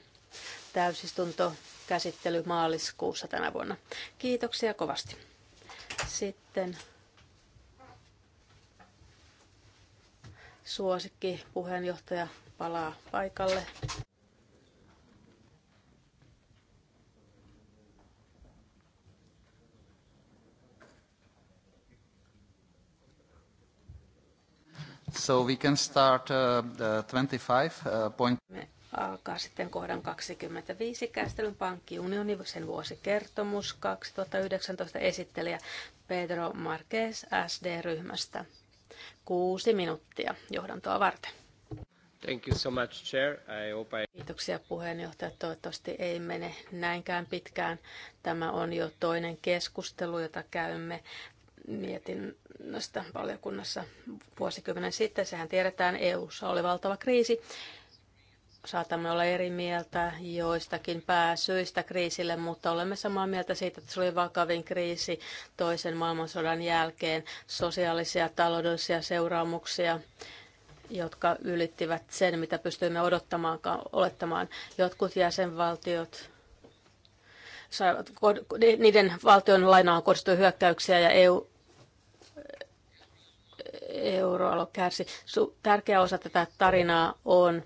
täysistunto käsittely maaliskuussa tänä vuonna. Kiitoksia kovasti. Sitten suosikki puheenjohtaja palaa paikalle. So we can start uh, the 25 uh, point. Me alkaa sitten kohdan 25 käsittelyn pankkiunioni, sen vuosikertomus 2019 esittelijä Pedro Marques SD-ryhmästä. Kuusi minuuttia johdantoa varten. Thank you so much, Chair. I hope I... Kiitoksia puheenjohtaja. Toivottavasti ei mene näinkään pitkään. Tämä on jo toinen keskustelu, jota käymme mietinnöstä valiokunnassa vuosikymmenen sitten. Sehän tiedetään, EU-ssa oli valtava kriisi. Saatamme olla eri mieltä joistakin pääsyistä kriisille, mutta olemme samaa mieltä siitä, että se oli vakavin kriisi toisen maailmansodan jälkeen. Sosiaalisia ja taloudellisia seuraamuksia jotka ylittivät sen, mitä pystyimme odottamaan, olettamaan. Jotkut jäsenvaltiot saivat, niiden valtion lainaan kohdistui hyökkäyksiä ja EU, euroalue kärsi. Tärkeä osa tätä tarinaa on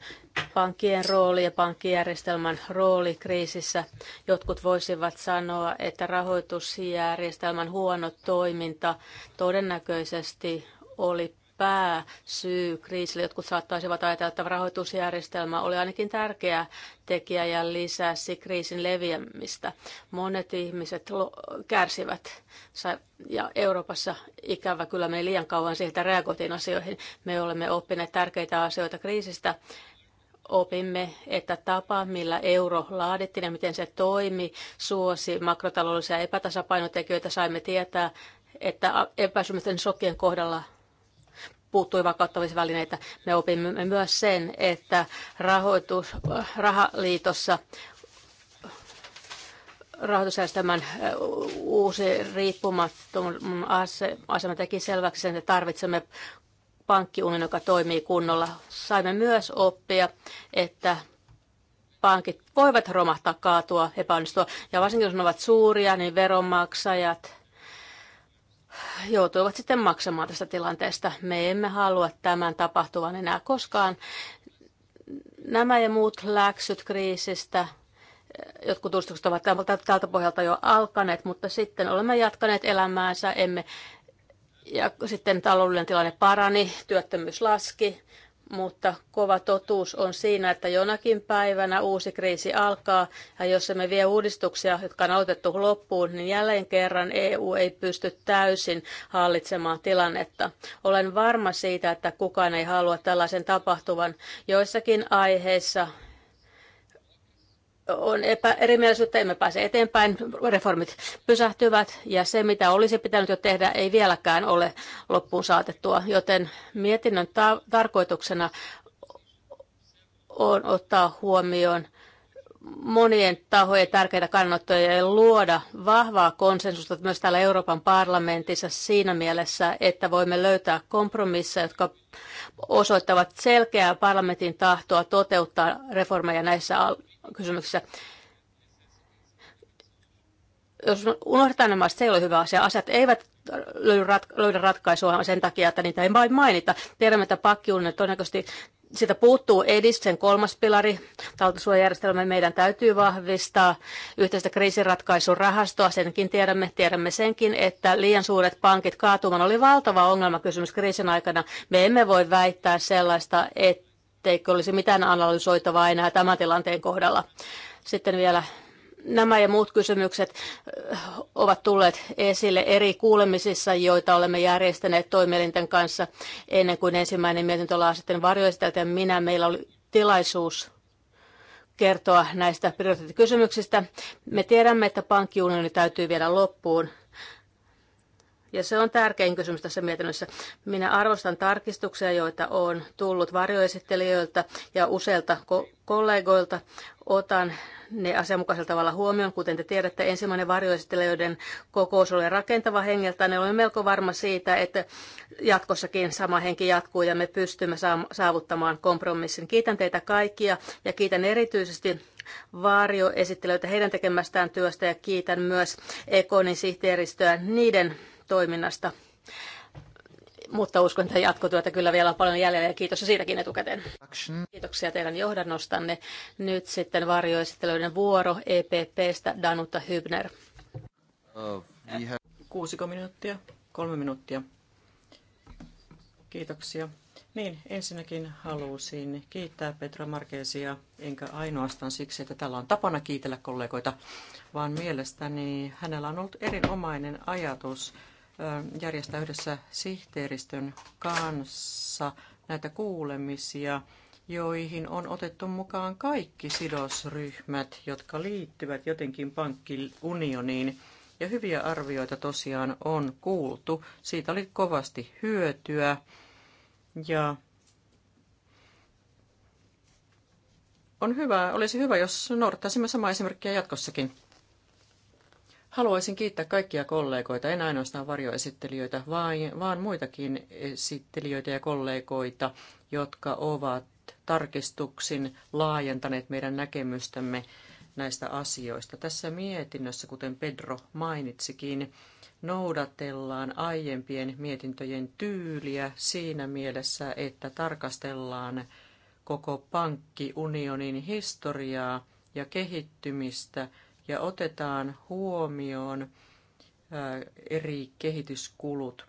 pankkien rooli ja pankkijärjestelmän rooli kriisissä. Jotkut voisivat sanoa, että rahoitusjärjestelmän huono toiminta todennäköisesti oli pääsyy kriisille. Jotkut saattaisivat ajatella, että rahoitusjärjestelmä oli ainakin tärkeä tekijä ja lisäsi kriisin leviämistä. Monet ihmiset kärsivät ja Euroopassa ikävä kyllä meni liian kauan siitä reagoitiin asioihin. Me olemme oppineet tärkeitä asioita kriisistä opimme, että tapa, millä euro laadittiin ja miten se toimi, suosi makrotaloudellisia epätasapainotekijöitä. Saimme tietää, että epäsymmäisten sokien kohdalla puuttui vakauttamisvälineitä. Me opimme myös sen, että rahoitus, rahaliitossa rahoitusjärjestelmän uusi riippumattomuuden asema teki selväksi sen, että tarvitsemme pankkiunin, joka toimii kunnolla. Saimme myös oppia, että pankit voivat romahtaa, kaatua, epäonnistua. Ja varsinkin jos ne ovat suuria, niin veronmaksajat joutuivat sitten maksamaan tästä tilanteesta. Me emme halua tämän tapahtuvan enää koskaan. Nämä ja muut läksyt kriisistä, jotkut uudistukset ovat tältä pohjalta jo alkaneet, mutta sitten olemme jatkaneet elämäänsä, emme ja sitten taloudellinen tilanne parani, työttömyys laski, mutta kova totuus on siinä, että jonakin päivänä uusi kriisi alkaa, ja jos emme vie uudistuksia, jotka on aloitettu loppuun, niin jälleen kerran EU ei pysty täysin hallitsemaan tilannetta. Olen varma siitä, että kukaan ei halua tällaisen tapahtuvan joissakin aiheissa on epä, erimielisyyttä, emme pääse eteenpäin, reformit pysähtyvät ja se, mitä olisi pitänyt jo tehdä, ei vieläkään ole loppuun saatettua, joten mietinnön ta- tarkoituksena on ottaa huomioon monien tahojen tärkeitä kannattoja ja luoda vahvaa konsensusta myös täällä Euroopan parlamentissa siinä mielessä, että voimme löytää kompromisseja, jotka osoittavat selkeää parlamentin tahtoa toteuttaa reformeja näissä kysymyksessä. Jos unohdetaan nämä, se ei ole hyvä asia. Asiat eivät löydä ratkaisua sen takia, että niitä ei vain mainita. Tiedämme, että pakkiunne todennäköisesti siitä puuttuu EDIS, sen kolmas pilari, tautisuojajärjestelmä. Meidän täytyy vahvistaa yhteistä kriisiratkaisun rahastoa. Senkin tiedämme, tiedämme senkin, että liian suuret pankit kaatuman oli valtava ongelmakysymys kriisin aikana. Me emme voi väittää sellaista, että etteikö olisi mitään analysoitavaa enää tämän tilanteen kohdalla. Sitten vielä nämä ja muut kysymykset ovat tulleet esille eri kuulemisissa, joita olemme järjestäneet toimielinten kanssa ennen kuin ensimmäinen mietintö ollaan sitten varjoesitelty. Minä meillä oli tilaisuus kertoa näistä prioriteettikysymyksistä. Me tiedämme, että pankkiunioni täytyy viedä loppuun ja se on tärkein kysymys tässä mietinnössä. Minä arvostan tarkistuksia, joita on tullut varjoesittelijöiltä ja useilta ko- kollegoilta. Otan ne asianmukaisella tavalla huomioon. Kuten te tiedätte, ensimmäinen varjoesittelijöiden kokous oli rakentava hengeltä. Ne olemme melko varma siitä, että jatkossakin sama henki jatkuu ja me pystymme saavuttamaan kompromissin. Kiitän teitä kaikkia ja kiitän erityisesti varjoesittelijöitä heidän tekemästään työstä ja kiitän myös Ekonin sihteeristöä niiden toiminnasta. Mutta uskon, että jatkotyötä kyllä vielä on paljon jäljellä ja kiitos siitäkin etukäteen. Kiitoksia teidän johdannostanne. Nyt sitten varjoesittelyiden vuoro EPPstä Danuta Hybner. Uh, Kuusiko minuuttia? Kolme minuuttia. Kiitoksia. Niin, ensinnäkin halusin kiittää Petra Markeesia, enkä ainoastaan siksi, että täällä on tapana kiitellä kollegoita, vaan mielestäni hänellä on ollut erinomainen ajatus järjestää yhdessä sihteeristön kanssa näitä kuulemisia, joihin on otettu mukaan kaikki sidosryhmät, jotka liittyvät jotenkin pankkiunioniin. Ja hyviä arvioita tosiaan on kuultu. Siitä oli kovasti hyötyä. Ja on hyvä, olisi hyvä, jos noudattaisimme samaa esimerkkiä jatkossakin. Haluaisin kiittää kaikkia kollegoita, en ainoastaan varjoesittelijöitä, vaan, vaan muitakin esittelijöitä ja kollegoita, jotka ovat tarkistuksin laajentaneet meidän näkemystämme näistä asioista. Tässä mietinnössä, kuten Pedro mainitsikin, noudatellaan aiempien mietintöjen tyyliä siinä mielessä, että tarkastellaan koko pankkiunionin historiaa ja kehittymistä – ja otetaan huomioon eri kehityskulut.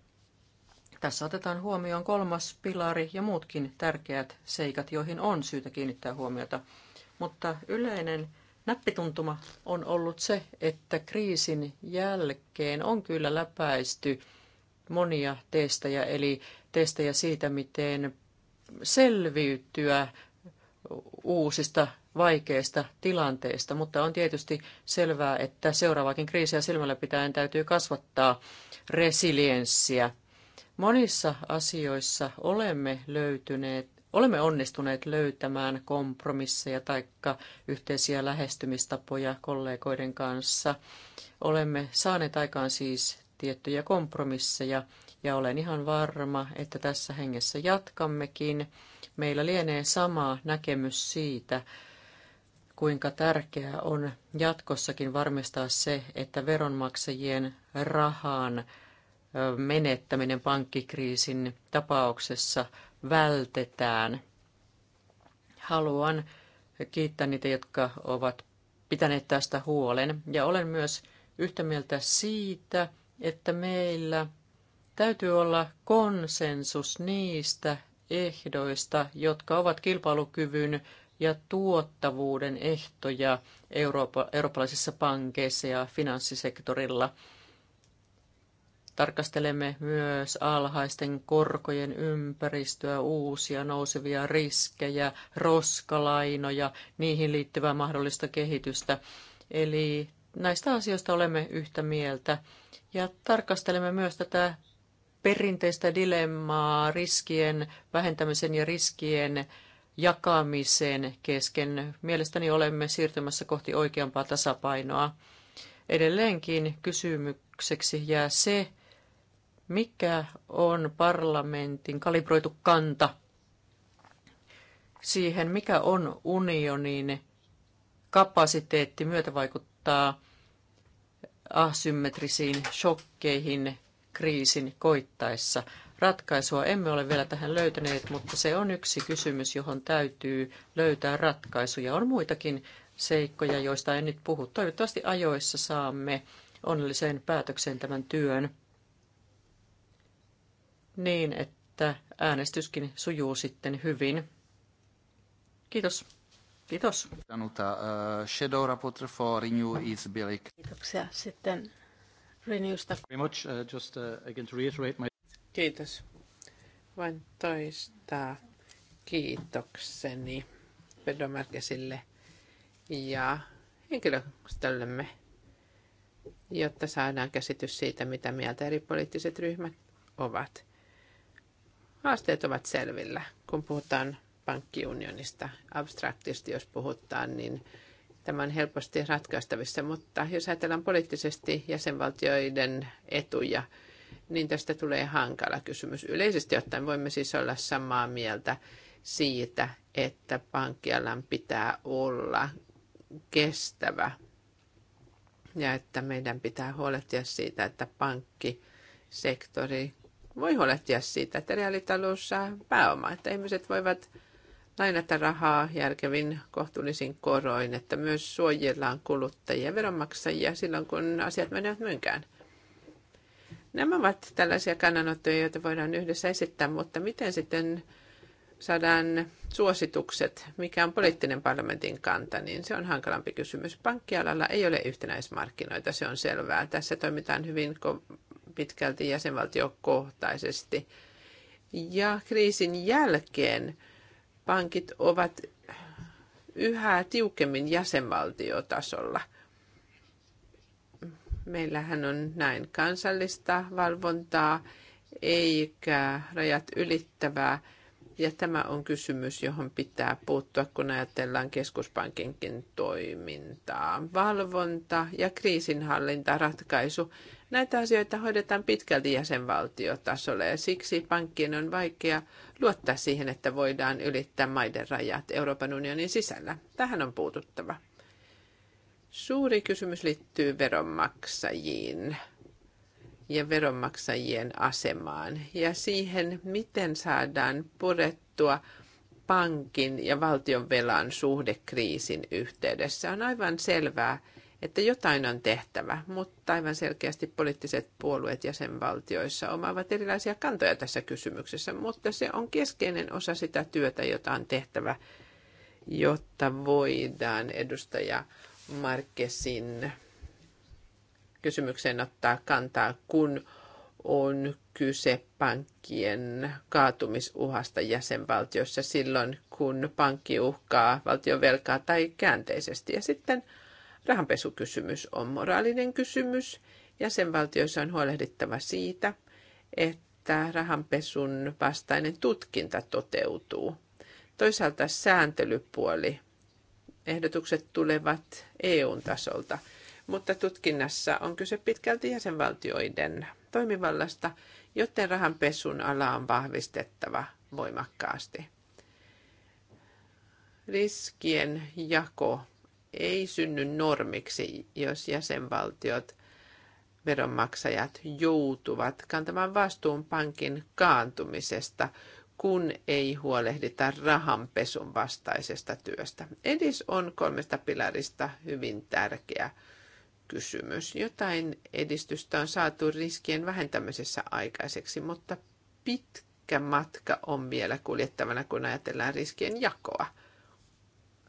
Tässä otetaan huomioon kolmas pilari ja muutkin tärkeät seikat, joihin on syytä kiinnittää huomiota. Mutta yleinen näppituntuma on ollut se, että kriisin jälkeen on kyllä läpäisty monia testejä, eli testejä siitä, miten selviytyä uusista vaikeasta tilanteesta, mutta on tietysti selvää, että seuraavakin kriisiä silmällä pitäen täytyy kasvattaa resilienssiä. Monissa asioissa olemme löytyneet, olemme onnistuneet löytämään kompromisseja tai yhteisiä lähestymistapoja kollegoiden kanssa. Olemme saaneet aikaan siis tiettyjä kompromisseja ja olen ihan varma, että tässä hengessä jatkammekin. Meillä lienee sama näkemys siitä, kuinka tärkeää on jatkossakin varmistaa se, että veronmaksajien rahan menettäminen pankkikriisin tapauksessa vältetään. Haluan kiittää niitä, jotka ovat pitäneet tästä huolen. Ja olen myös yhtä mieltä siitä, että meillä täytyy olla konsensus niistä ehdoista, jotka ovat kilpailukyvyn ja tuottavuuden ehtoja Eurooppa, eurooppalaisissa pankeissa ja finanssisektorilla. Tarkastelemme myös alhaisten korkojen ympäristöä, uusia nousevia riskejä, roskalainoja, niihin liittyvää mahdollista kehitystä. Eli näistä asioista olemme yhtä mieltä ja tarkastelemme myös tätä perinteistä dilemmaa riskien vähentämisen ja riskien jakamiseen kesken. Mielestäni olemme siirtymässä kohti oikeampaa tasapainoa. Edelleenkin kysymykseksi jää se, mikä on parlamentin kalibroitu kanta siihen, mikä on unionin kapasiteetti myötävaikuttaa asymmetrisiin shokkeihin kriisin koittaessa ratkaisua emme ole vielä tähän löytäneet, mutta se on yksi kysymys, johon täytyy löytää ratkaisuja. On muitakin seikkoja, joista en nyt puhu. Toivottavasti ajoissa saamme onnelliseen päätökseen tämän työn niin, että äänestyskin sujuu sitten hyvin. Kiitos. Kiitos. Uh, shadow Rapporteur for Renew is Kiitoksia. Sitten Renewsta. Very much. Uh, just uh, again to reiterate my Kiitos. Voin toistaa kiitokseni pedomärkesille ja henkilöstöllemme, jotta saadaan käsitys siitä, mitä mieltä eri poliittiset ryhmät ovat. Haasteet ovat selvillä, kun puhutaan pankkiunionista. Abstraktisti, jos puhutaan, niin tämä on helposti ratkaistavissa, mutta jos ajatellaan poliittisesti jäsenvaltioiden etuja, niin tästä tulee hankala kysymys. Yleisesti ottaen voimme siis olla samaa mieltä siitä, että pankkialan pitää olla kestävä ja että meidän pitää huolehtia siitä, että pankkisektori voi huolehtia siitä, että reaalitalous saa pääomaa, että ihmiset voivat lainata rahaa järkevin kohtuullisin koroin, että myös suojellaan kuluttajia ja veronmaksajia silloin, kun asiat menevät mynkään. Nämä ovat tällaisia kannanottoja, joita voidaan yhdessä esittää, mutta miten sitten saadaan suositukset, mikä on poliittinen parlamentin kanta, niin se on hankalampi kysymys. Pankkialalla ei ole yhtenäismarkkinoita, se on selvää. Tässä toimitaan hyvin pitkälti jäsenvaltiokohtaisesti. Ja kriisin jälkeen pankit ovat yhä tiukemmin jäsenvaltiotasolla – Meillähän on näin kansallista valvontaa eikä rajat ylittävää. Ja tämä on kysymys, johon pitää puuttua, kun ajatellaan keskuspankinkin toimintaa. Valvonta ja kriisinhallinta, ratkaisu. Näitä asioita hoidetaan pitkälti jäsenvaltiotasolla ja siksi pankkien on vaikea luottaa siihen, että voidaan ylittää maiden rajat Euroopan unionin sisällä. Tähän on puututtava. Suuri kysymys liittyy veronmaksajiin ja veronmaksajien asemaan ja siihen, miten saadaan purettua pankin ja velan suhde kriisin yhteydessä. On aivan selvää, että jotain on tehtävä, mutta aivan selkeästi poliittiset puolueet jäsenvaltioissa omaavat erilaisia kantoja tässä kysymyksessä, mutta se on keskeinen osa sitä työtä, jota on tehtävä, jotta voidaan edustaja Markesin kysymykseen ottaa kantaa, kun on kyse pankkien kaatumisuhasta jäsenvaltiossa silloin, kun pankki uhkaa valtion velkaa tai käänteisesti. Ja sitten rahanpesukysymys on moraalinen kysymys. Jäsenvaltioissa on huolehdittava siitä, että rahanpesun vastainen tutkinta toteutuu. Toisaalta sääntelypuoli ehdotukset tulevat EU-tasolta, mutta tutkinnassa on kyse pitkälti jäsenvaltioiden toimivallasta, joten rahanpesun ala on vahvistettava voimakkaasti. Riskien jako ei synny normiksi, jos jäsenvaltiot, veronmaksajat joutuvat kantamaan vastuun pankin kaantumisesta, kun ei huolehdita rahanpesun vastaisesta työstä. Edis on kolmesta pilarista hyvin tärkeä kysymys. Jotain edistystä on saatu riskien vähentämisessä aikaiseksi, mutta pitkä matka on vielä kuljettavana, kun ajatellaan riskien jakoa.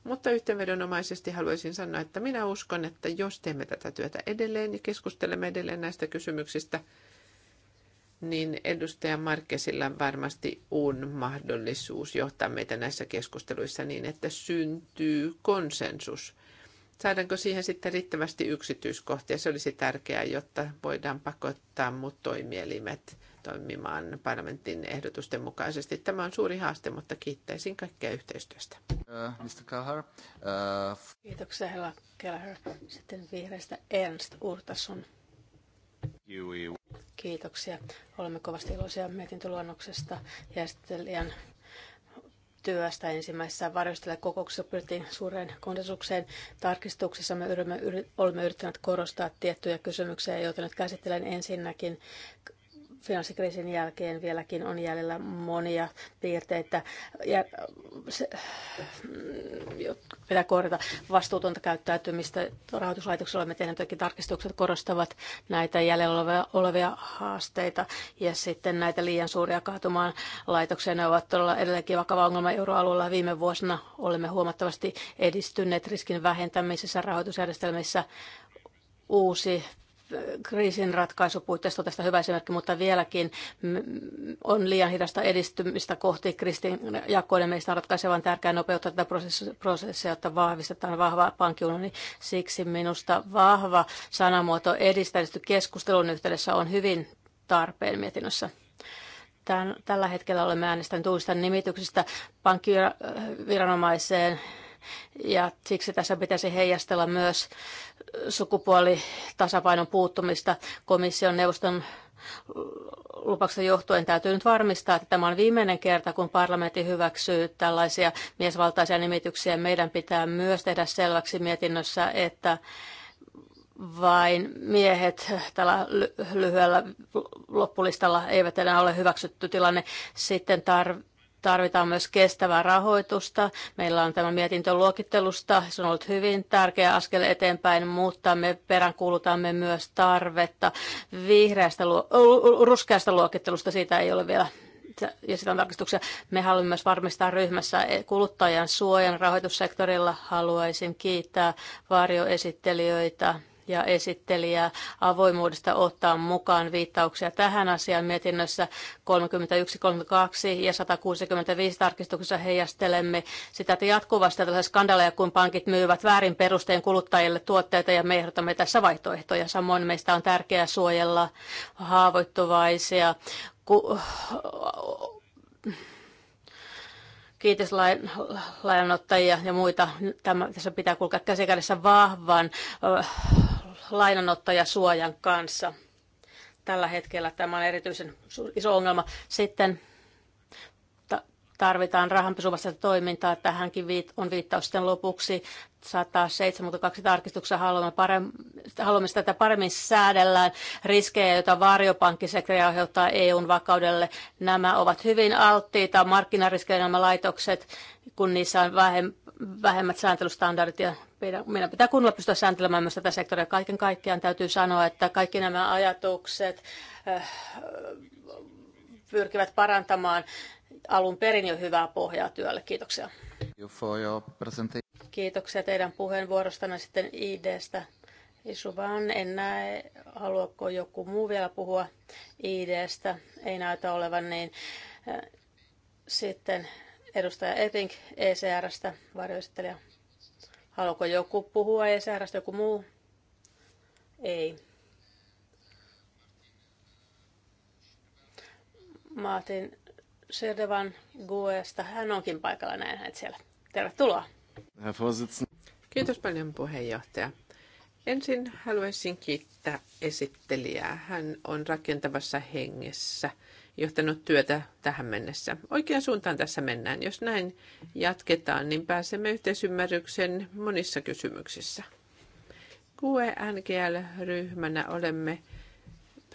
Mutta yhteenvedonomaisesti haluaisin sanoa, että minä uskon, että jos teemme tätä työtä edelleen ja keskustelemme edelleen näistä kysymyksistä – niin edustaja Markkesilla varmasti on mahdollisuus johtaa meitä näissä keskusteluissa niin, että syntyy konsensus. Saadaanko siihen sitten riittävästi yksityiskohtia? Se olisi tärkeää, jotta voidaan pakottaa muut toimielimet toimimaan parlamentin ehdotusten mukaisesti. Tämä on suuri haaste, mutta kiittäisin kaikkea yhteistyöstä. Uh, Mr. Kahar, uh... Kiitoksia, Hela Kelleher. Sitten vihreistä Ernst Urtason. Kiitoksia. Olemme kovasti iloisia mietintöluonnoksesta ja esittelijän työstä ensimmäisessä kokouksessa pyrittiin suureen konsensukseen. tarkistuksessa me yrimme, olemme yrittäneet korostaa tiettyjä kysymyksiä, joita nyt käsittelen ensinnäkin finanssikriisin jälkeen vieläkin on jäljellä monia piirteitä, ja se, pitää korjata vastuutonta käyttäytymistä. Rahoituslaitoksella me tehdään toki tarkistukset korostavat näitä jäljellä olevia, olevia haasteita ja sitten näitä liian suuria kaatumaan laitoksia. Ne ovat todella edelleenkin vakava ongelma euroalueella. Viime vuosina olemme huomattavasti edistyneet riskin vähentämisessä rahoitusjärjestelmissä uusi kriisin ratkaisupuitteista on tästä hyvä esimerkki, mutta vieläkin on liian hidasta edistymistä kohti kristin jakoinen. Meistä on ratkaisevan tärkeää nopeuttaa tätä prosessia, jotta vahvistetaan vahva pankkiunioni. Siksi minusta vahva sanamuoto edistäisty keskustelun yhteydessä on hyvin tarpeen mietinnössä. tällä hetkellä olemme äänestäneet uusista nimityksistä pankkiviranomaiseen ja siksi tässä pitäisi heijastella myös sukupuolitasapainon puuttumista komission neuvoston lupauksesta johtuen täytyy nyt varmistaa, että tämä on viimeinen kerta, kun parlamentti hyväksyy tällaisia miesvaltaisia nimityksiä. Meidän pitää myös tehdä selväksi mietinnössä, että vain miehet tällä lyhyellä loppulistalla eivät enää ole hyväksytty tilanne. Sitten tar- Tarvitaan myös kestävää rahoitusta. Meillä on tämä mietintö luokittelusta. Se on ollut hyvin tärkeä askel eteenpäin, mutta me peräänkuulutamme myös tarvetta vihreästä, ruskeasta luokittelusta. Siitä ei ole vielä ja sitä on tarkistuksia. Me haluamme myös varmistaa ryhmässä kuluttajan suojan rahoitussektorilla. Haluaisin kiittää varjoesittelijöitä ja esittelijää avoimuudesta ottaa mukaan viittauksia tähän asiaan mietinnössä 31.32 ja 165 tarkistuksessa heijastelemme sitä, että jatkuvasti tällaisia skandaaleja, kun pankit myyvät väärin perusteen kuluttajille tuotteita ja me ehdotamme tässä vaihtoehtoja. Samoin meistä on tärkeää suojella haavoittuvaisia ku- kiitos lainanottajia ja muita. Tämä, tässä pitää kulkea käsikädessä vahvan äh, lainanottajasuojan kanssa. Tällä hetkellä tämä on erityisen iso ongelma. Sitten tarvitaan rahanpesuvasta toimintaa. Tähänkin on viittaus sitten lopuksi 172 tarkistuksessa haluamme, paremmin, haluamme sitä, että paremmin säädellään riskejä, joita varjopankkisektori aiheuttaa EUn vakaudelle. Nämä ovat hyvin alttiita markkinariskejä nämä laitokset, kun niissä on vähemmät sääntelystandardit ja meidän pitää kunnolla pystyä sääntelemään myös tätä sektoria. Kaiken kaikkiaan täytyy sanoa, että kaikki nämä ajatukset äh, pyrkivät parantamaan alun perin jo hyvää pohjaa työlle. Kiitoksia. Kiitoksia teidän puheenvuorostanne sitten IDstä. vaan en näe, haluatko joku muu vielä puhua IDstä. Ei näytä olevan niin. Äh, sitten edustaja Epping ECRstä, varjoesittelijä. Haluatko joku puhua ECRstä, joku muu? Ei. Martin Sherdevan Guesta. Hän onkin paikalla, näin hänet siellä. Tervetuloa. Kiitos paljon puheenjohtaja. Ensin haluaisin kiittää esittelijää. Hän on rakentavassa hengessä johtanut työtä tähän mennessä. Oikean suuntaan tässä mennään. Jos näin jatketaan, niin pääsemme yhteisymmärryksen monissa kysymyksissä. qe ryhmänä olemme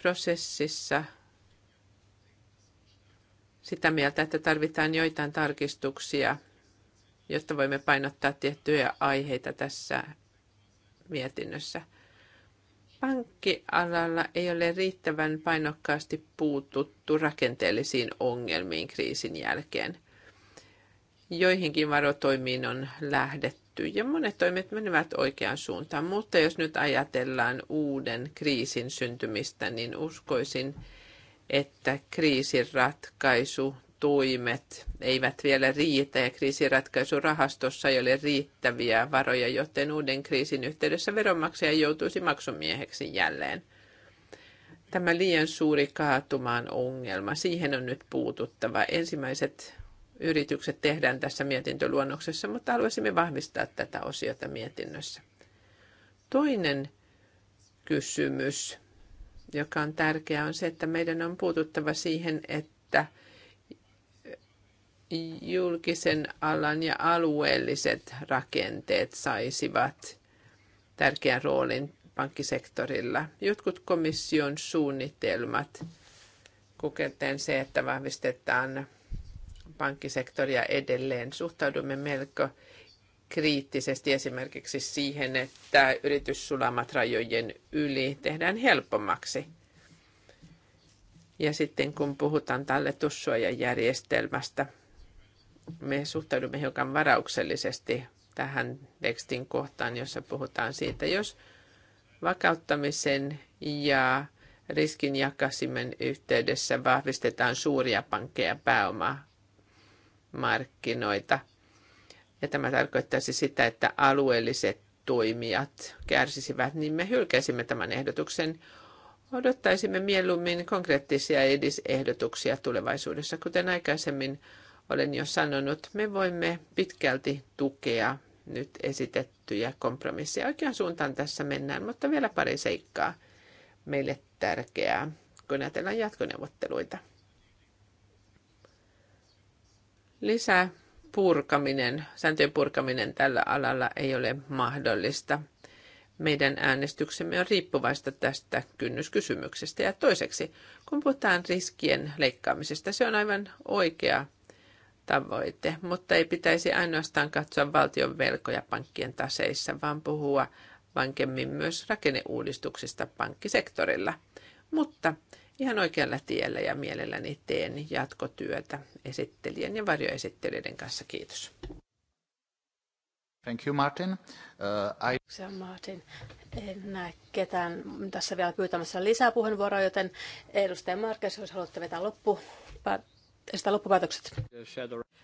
prosessissa – sitä mieltä, että tarvitaan joitain tarkistuksia, jotta voimme painottaa tiettyjä aiheita tässä mietinnössä. Pankkialalla ei ole riittävän painokkaasti puututtu rakenteellisiin ongelmiin kriisin jälkeen. Joihinkin varotoimiin on lähdetty ja monet toimet menevät oikeaan suuntaan, mutta jos nyt ajatellaan uuden kriisin syntymistä, niin uskoisin, että kriisiratkaisu tuimet eivät vielä riitä ja kriisinratkaisurahastossa ei ole riittäviä varoja, joten uuden kriisin yhteydessä veronmaksaja joutuisi maksumieheksi jälleen. Tämä liian suuri kaatumaan ongelma, siihen on nyt puututtava. Ensimmäiset yritykset tehdään tässä mietintöluonnoksessa, mutta haluaisimme vahvistaa tätä osiota mietinnössä. Toinen kysymys joka on tärkeää, on se, että meidän on puututtava siihen, että julkisen alan ja alueelliset rakenteet saisivat tärkeän roolin pankkisektorilla. Jotkut komission suunnitelmat, kuten se, että vahvistetaan pankkisektoria edelleen, suhtaudumme melko kriittisesti esimerkiksi siihen, että yrityssulamat rajojen yli tehdään helpommaksi. Ja sitten kun puhutaan tälle järjestelmästä, me suhtaudumme hiukan varauksellisesti tähän tekstin kohtaan, jossa puhutaan siitä, jos vakauttamisen ja riskin jakasimen yhteydessä vahvistetaan suuria pankkeja pääomaa markkinoita, ja tämä tarkoittaisi sitä, että alueelliset toimijat kärsisivät, niin me hylkäisimme tämän ehdotuksen. Odottaisimme mieluummin konkreettisia edisehdotuksia tulevaisuudessa. Kuten aikaisemmin olen jo sanonut, me voimme pitkälti tukea nyt esitettyjä kompromisseja. Oikean suuntaan tässä mennään, mutta vielä pari seikkaa meille tärkeää, kun ajatellaan jatkoneuvotteluita. Lisää purkaminen, sääntöjen purkaminen tällä alalla ei ole mahdollista. Meidän äänestyksemme on riippuvaista tästä kynnyskysymyksestä. Ja toiseksi, kun puhutaan riskien leikkaamisesta, se on aivan oikea tavoite, mutta ei pitäisi ainoastaan katsoa valtion velkoja pankkien taseissa, vaan puhua vankemmin myös rakenneuudistuksista pankkisektorilla. Mutta ihan oikealla tiellä ja mielelläni teen jatkotyötä esittelijän ja varjoesittelijöiden kanssa. Kiitos. Thank you, Martin. Uh, I... Martin. En näe ketään tässä vielä pyytämässä lisää puheenvuoroa, joten edustaja Markes, jos haluatte vetää loppu, sitä loppupäätökset.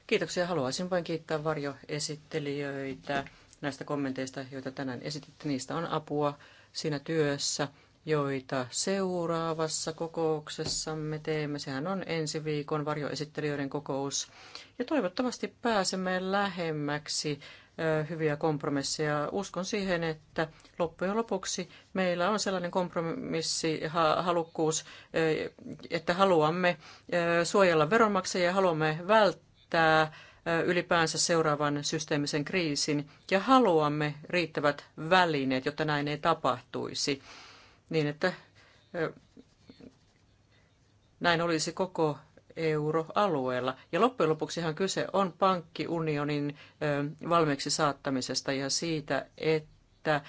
Kiitoksia. Haluaisin vain kiittää varjoesittelijöitä näistä kommenteista, joita tänään esititte. Niistä on apua siinä työssä joita seuraavassa kokouksessamme teemme. Sehän on ensi viikon varjoesittelijöiden kokous. Ja toivottavasti pääsemme lähemmäksi hyviä kompromisseja. Uskon siihen, että loppujen lopuksi meillä on sellainen kompromissihalukkuus, että haluamme suojella veronmaksajia, haluamme välttää ylipäänsä seuraavan systeemisen kriisin ja haluamme riittävät välineet, jotta näin ei tapahtuisi niin, että näin olisi koko euroalueella. Ja loppujen lopuksihan kyse on pankkiunionin valmiiksi saattamisesta ja siitä, että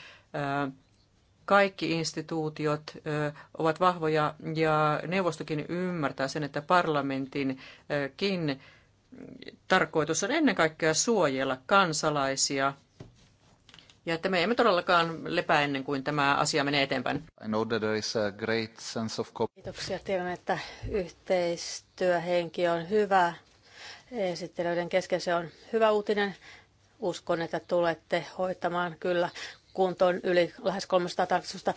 kaikki instituutiot ovat vahvoja ja neuvostokin ymmärtää sen, että parlamentinkin tarkoitus on ennen kaikkea suojella kansalaisia ja että me emme todellakaan lepää ennen kuin tämä asia menee eteenpäin. I know that there is a great sense of Kiitoksia. Tiedän, että yhteistyöhenki on hyvä. Esittelyiden kesken se on hyvä uutinen. Uskon, että tulette hoitamaan kyllä kuntoon yli lähes 300 tarkastusta.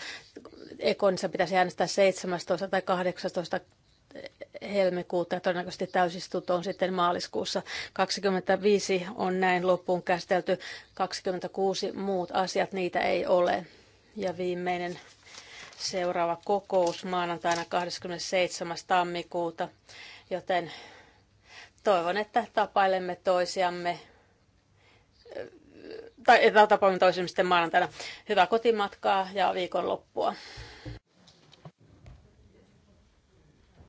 Ekonissa pitäisi äänestää 17 tai 18 helmikuuta ja todennäköisesti täysistuntoon sitten maaliskuussa. 25 on näin loppuun käsitelty, 26 muut asiat, niitä ei ole. Ja viimeinen seuraava kokous maanantaina 27. tammikuuta, joten toivon, että tapailemme toisiamme tai tapaamme toisemme sitten maanantaina. Hyvää kotimatkaa ja viikonloppua.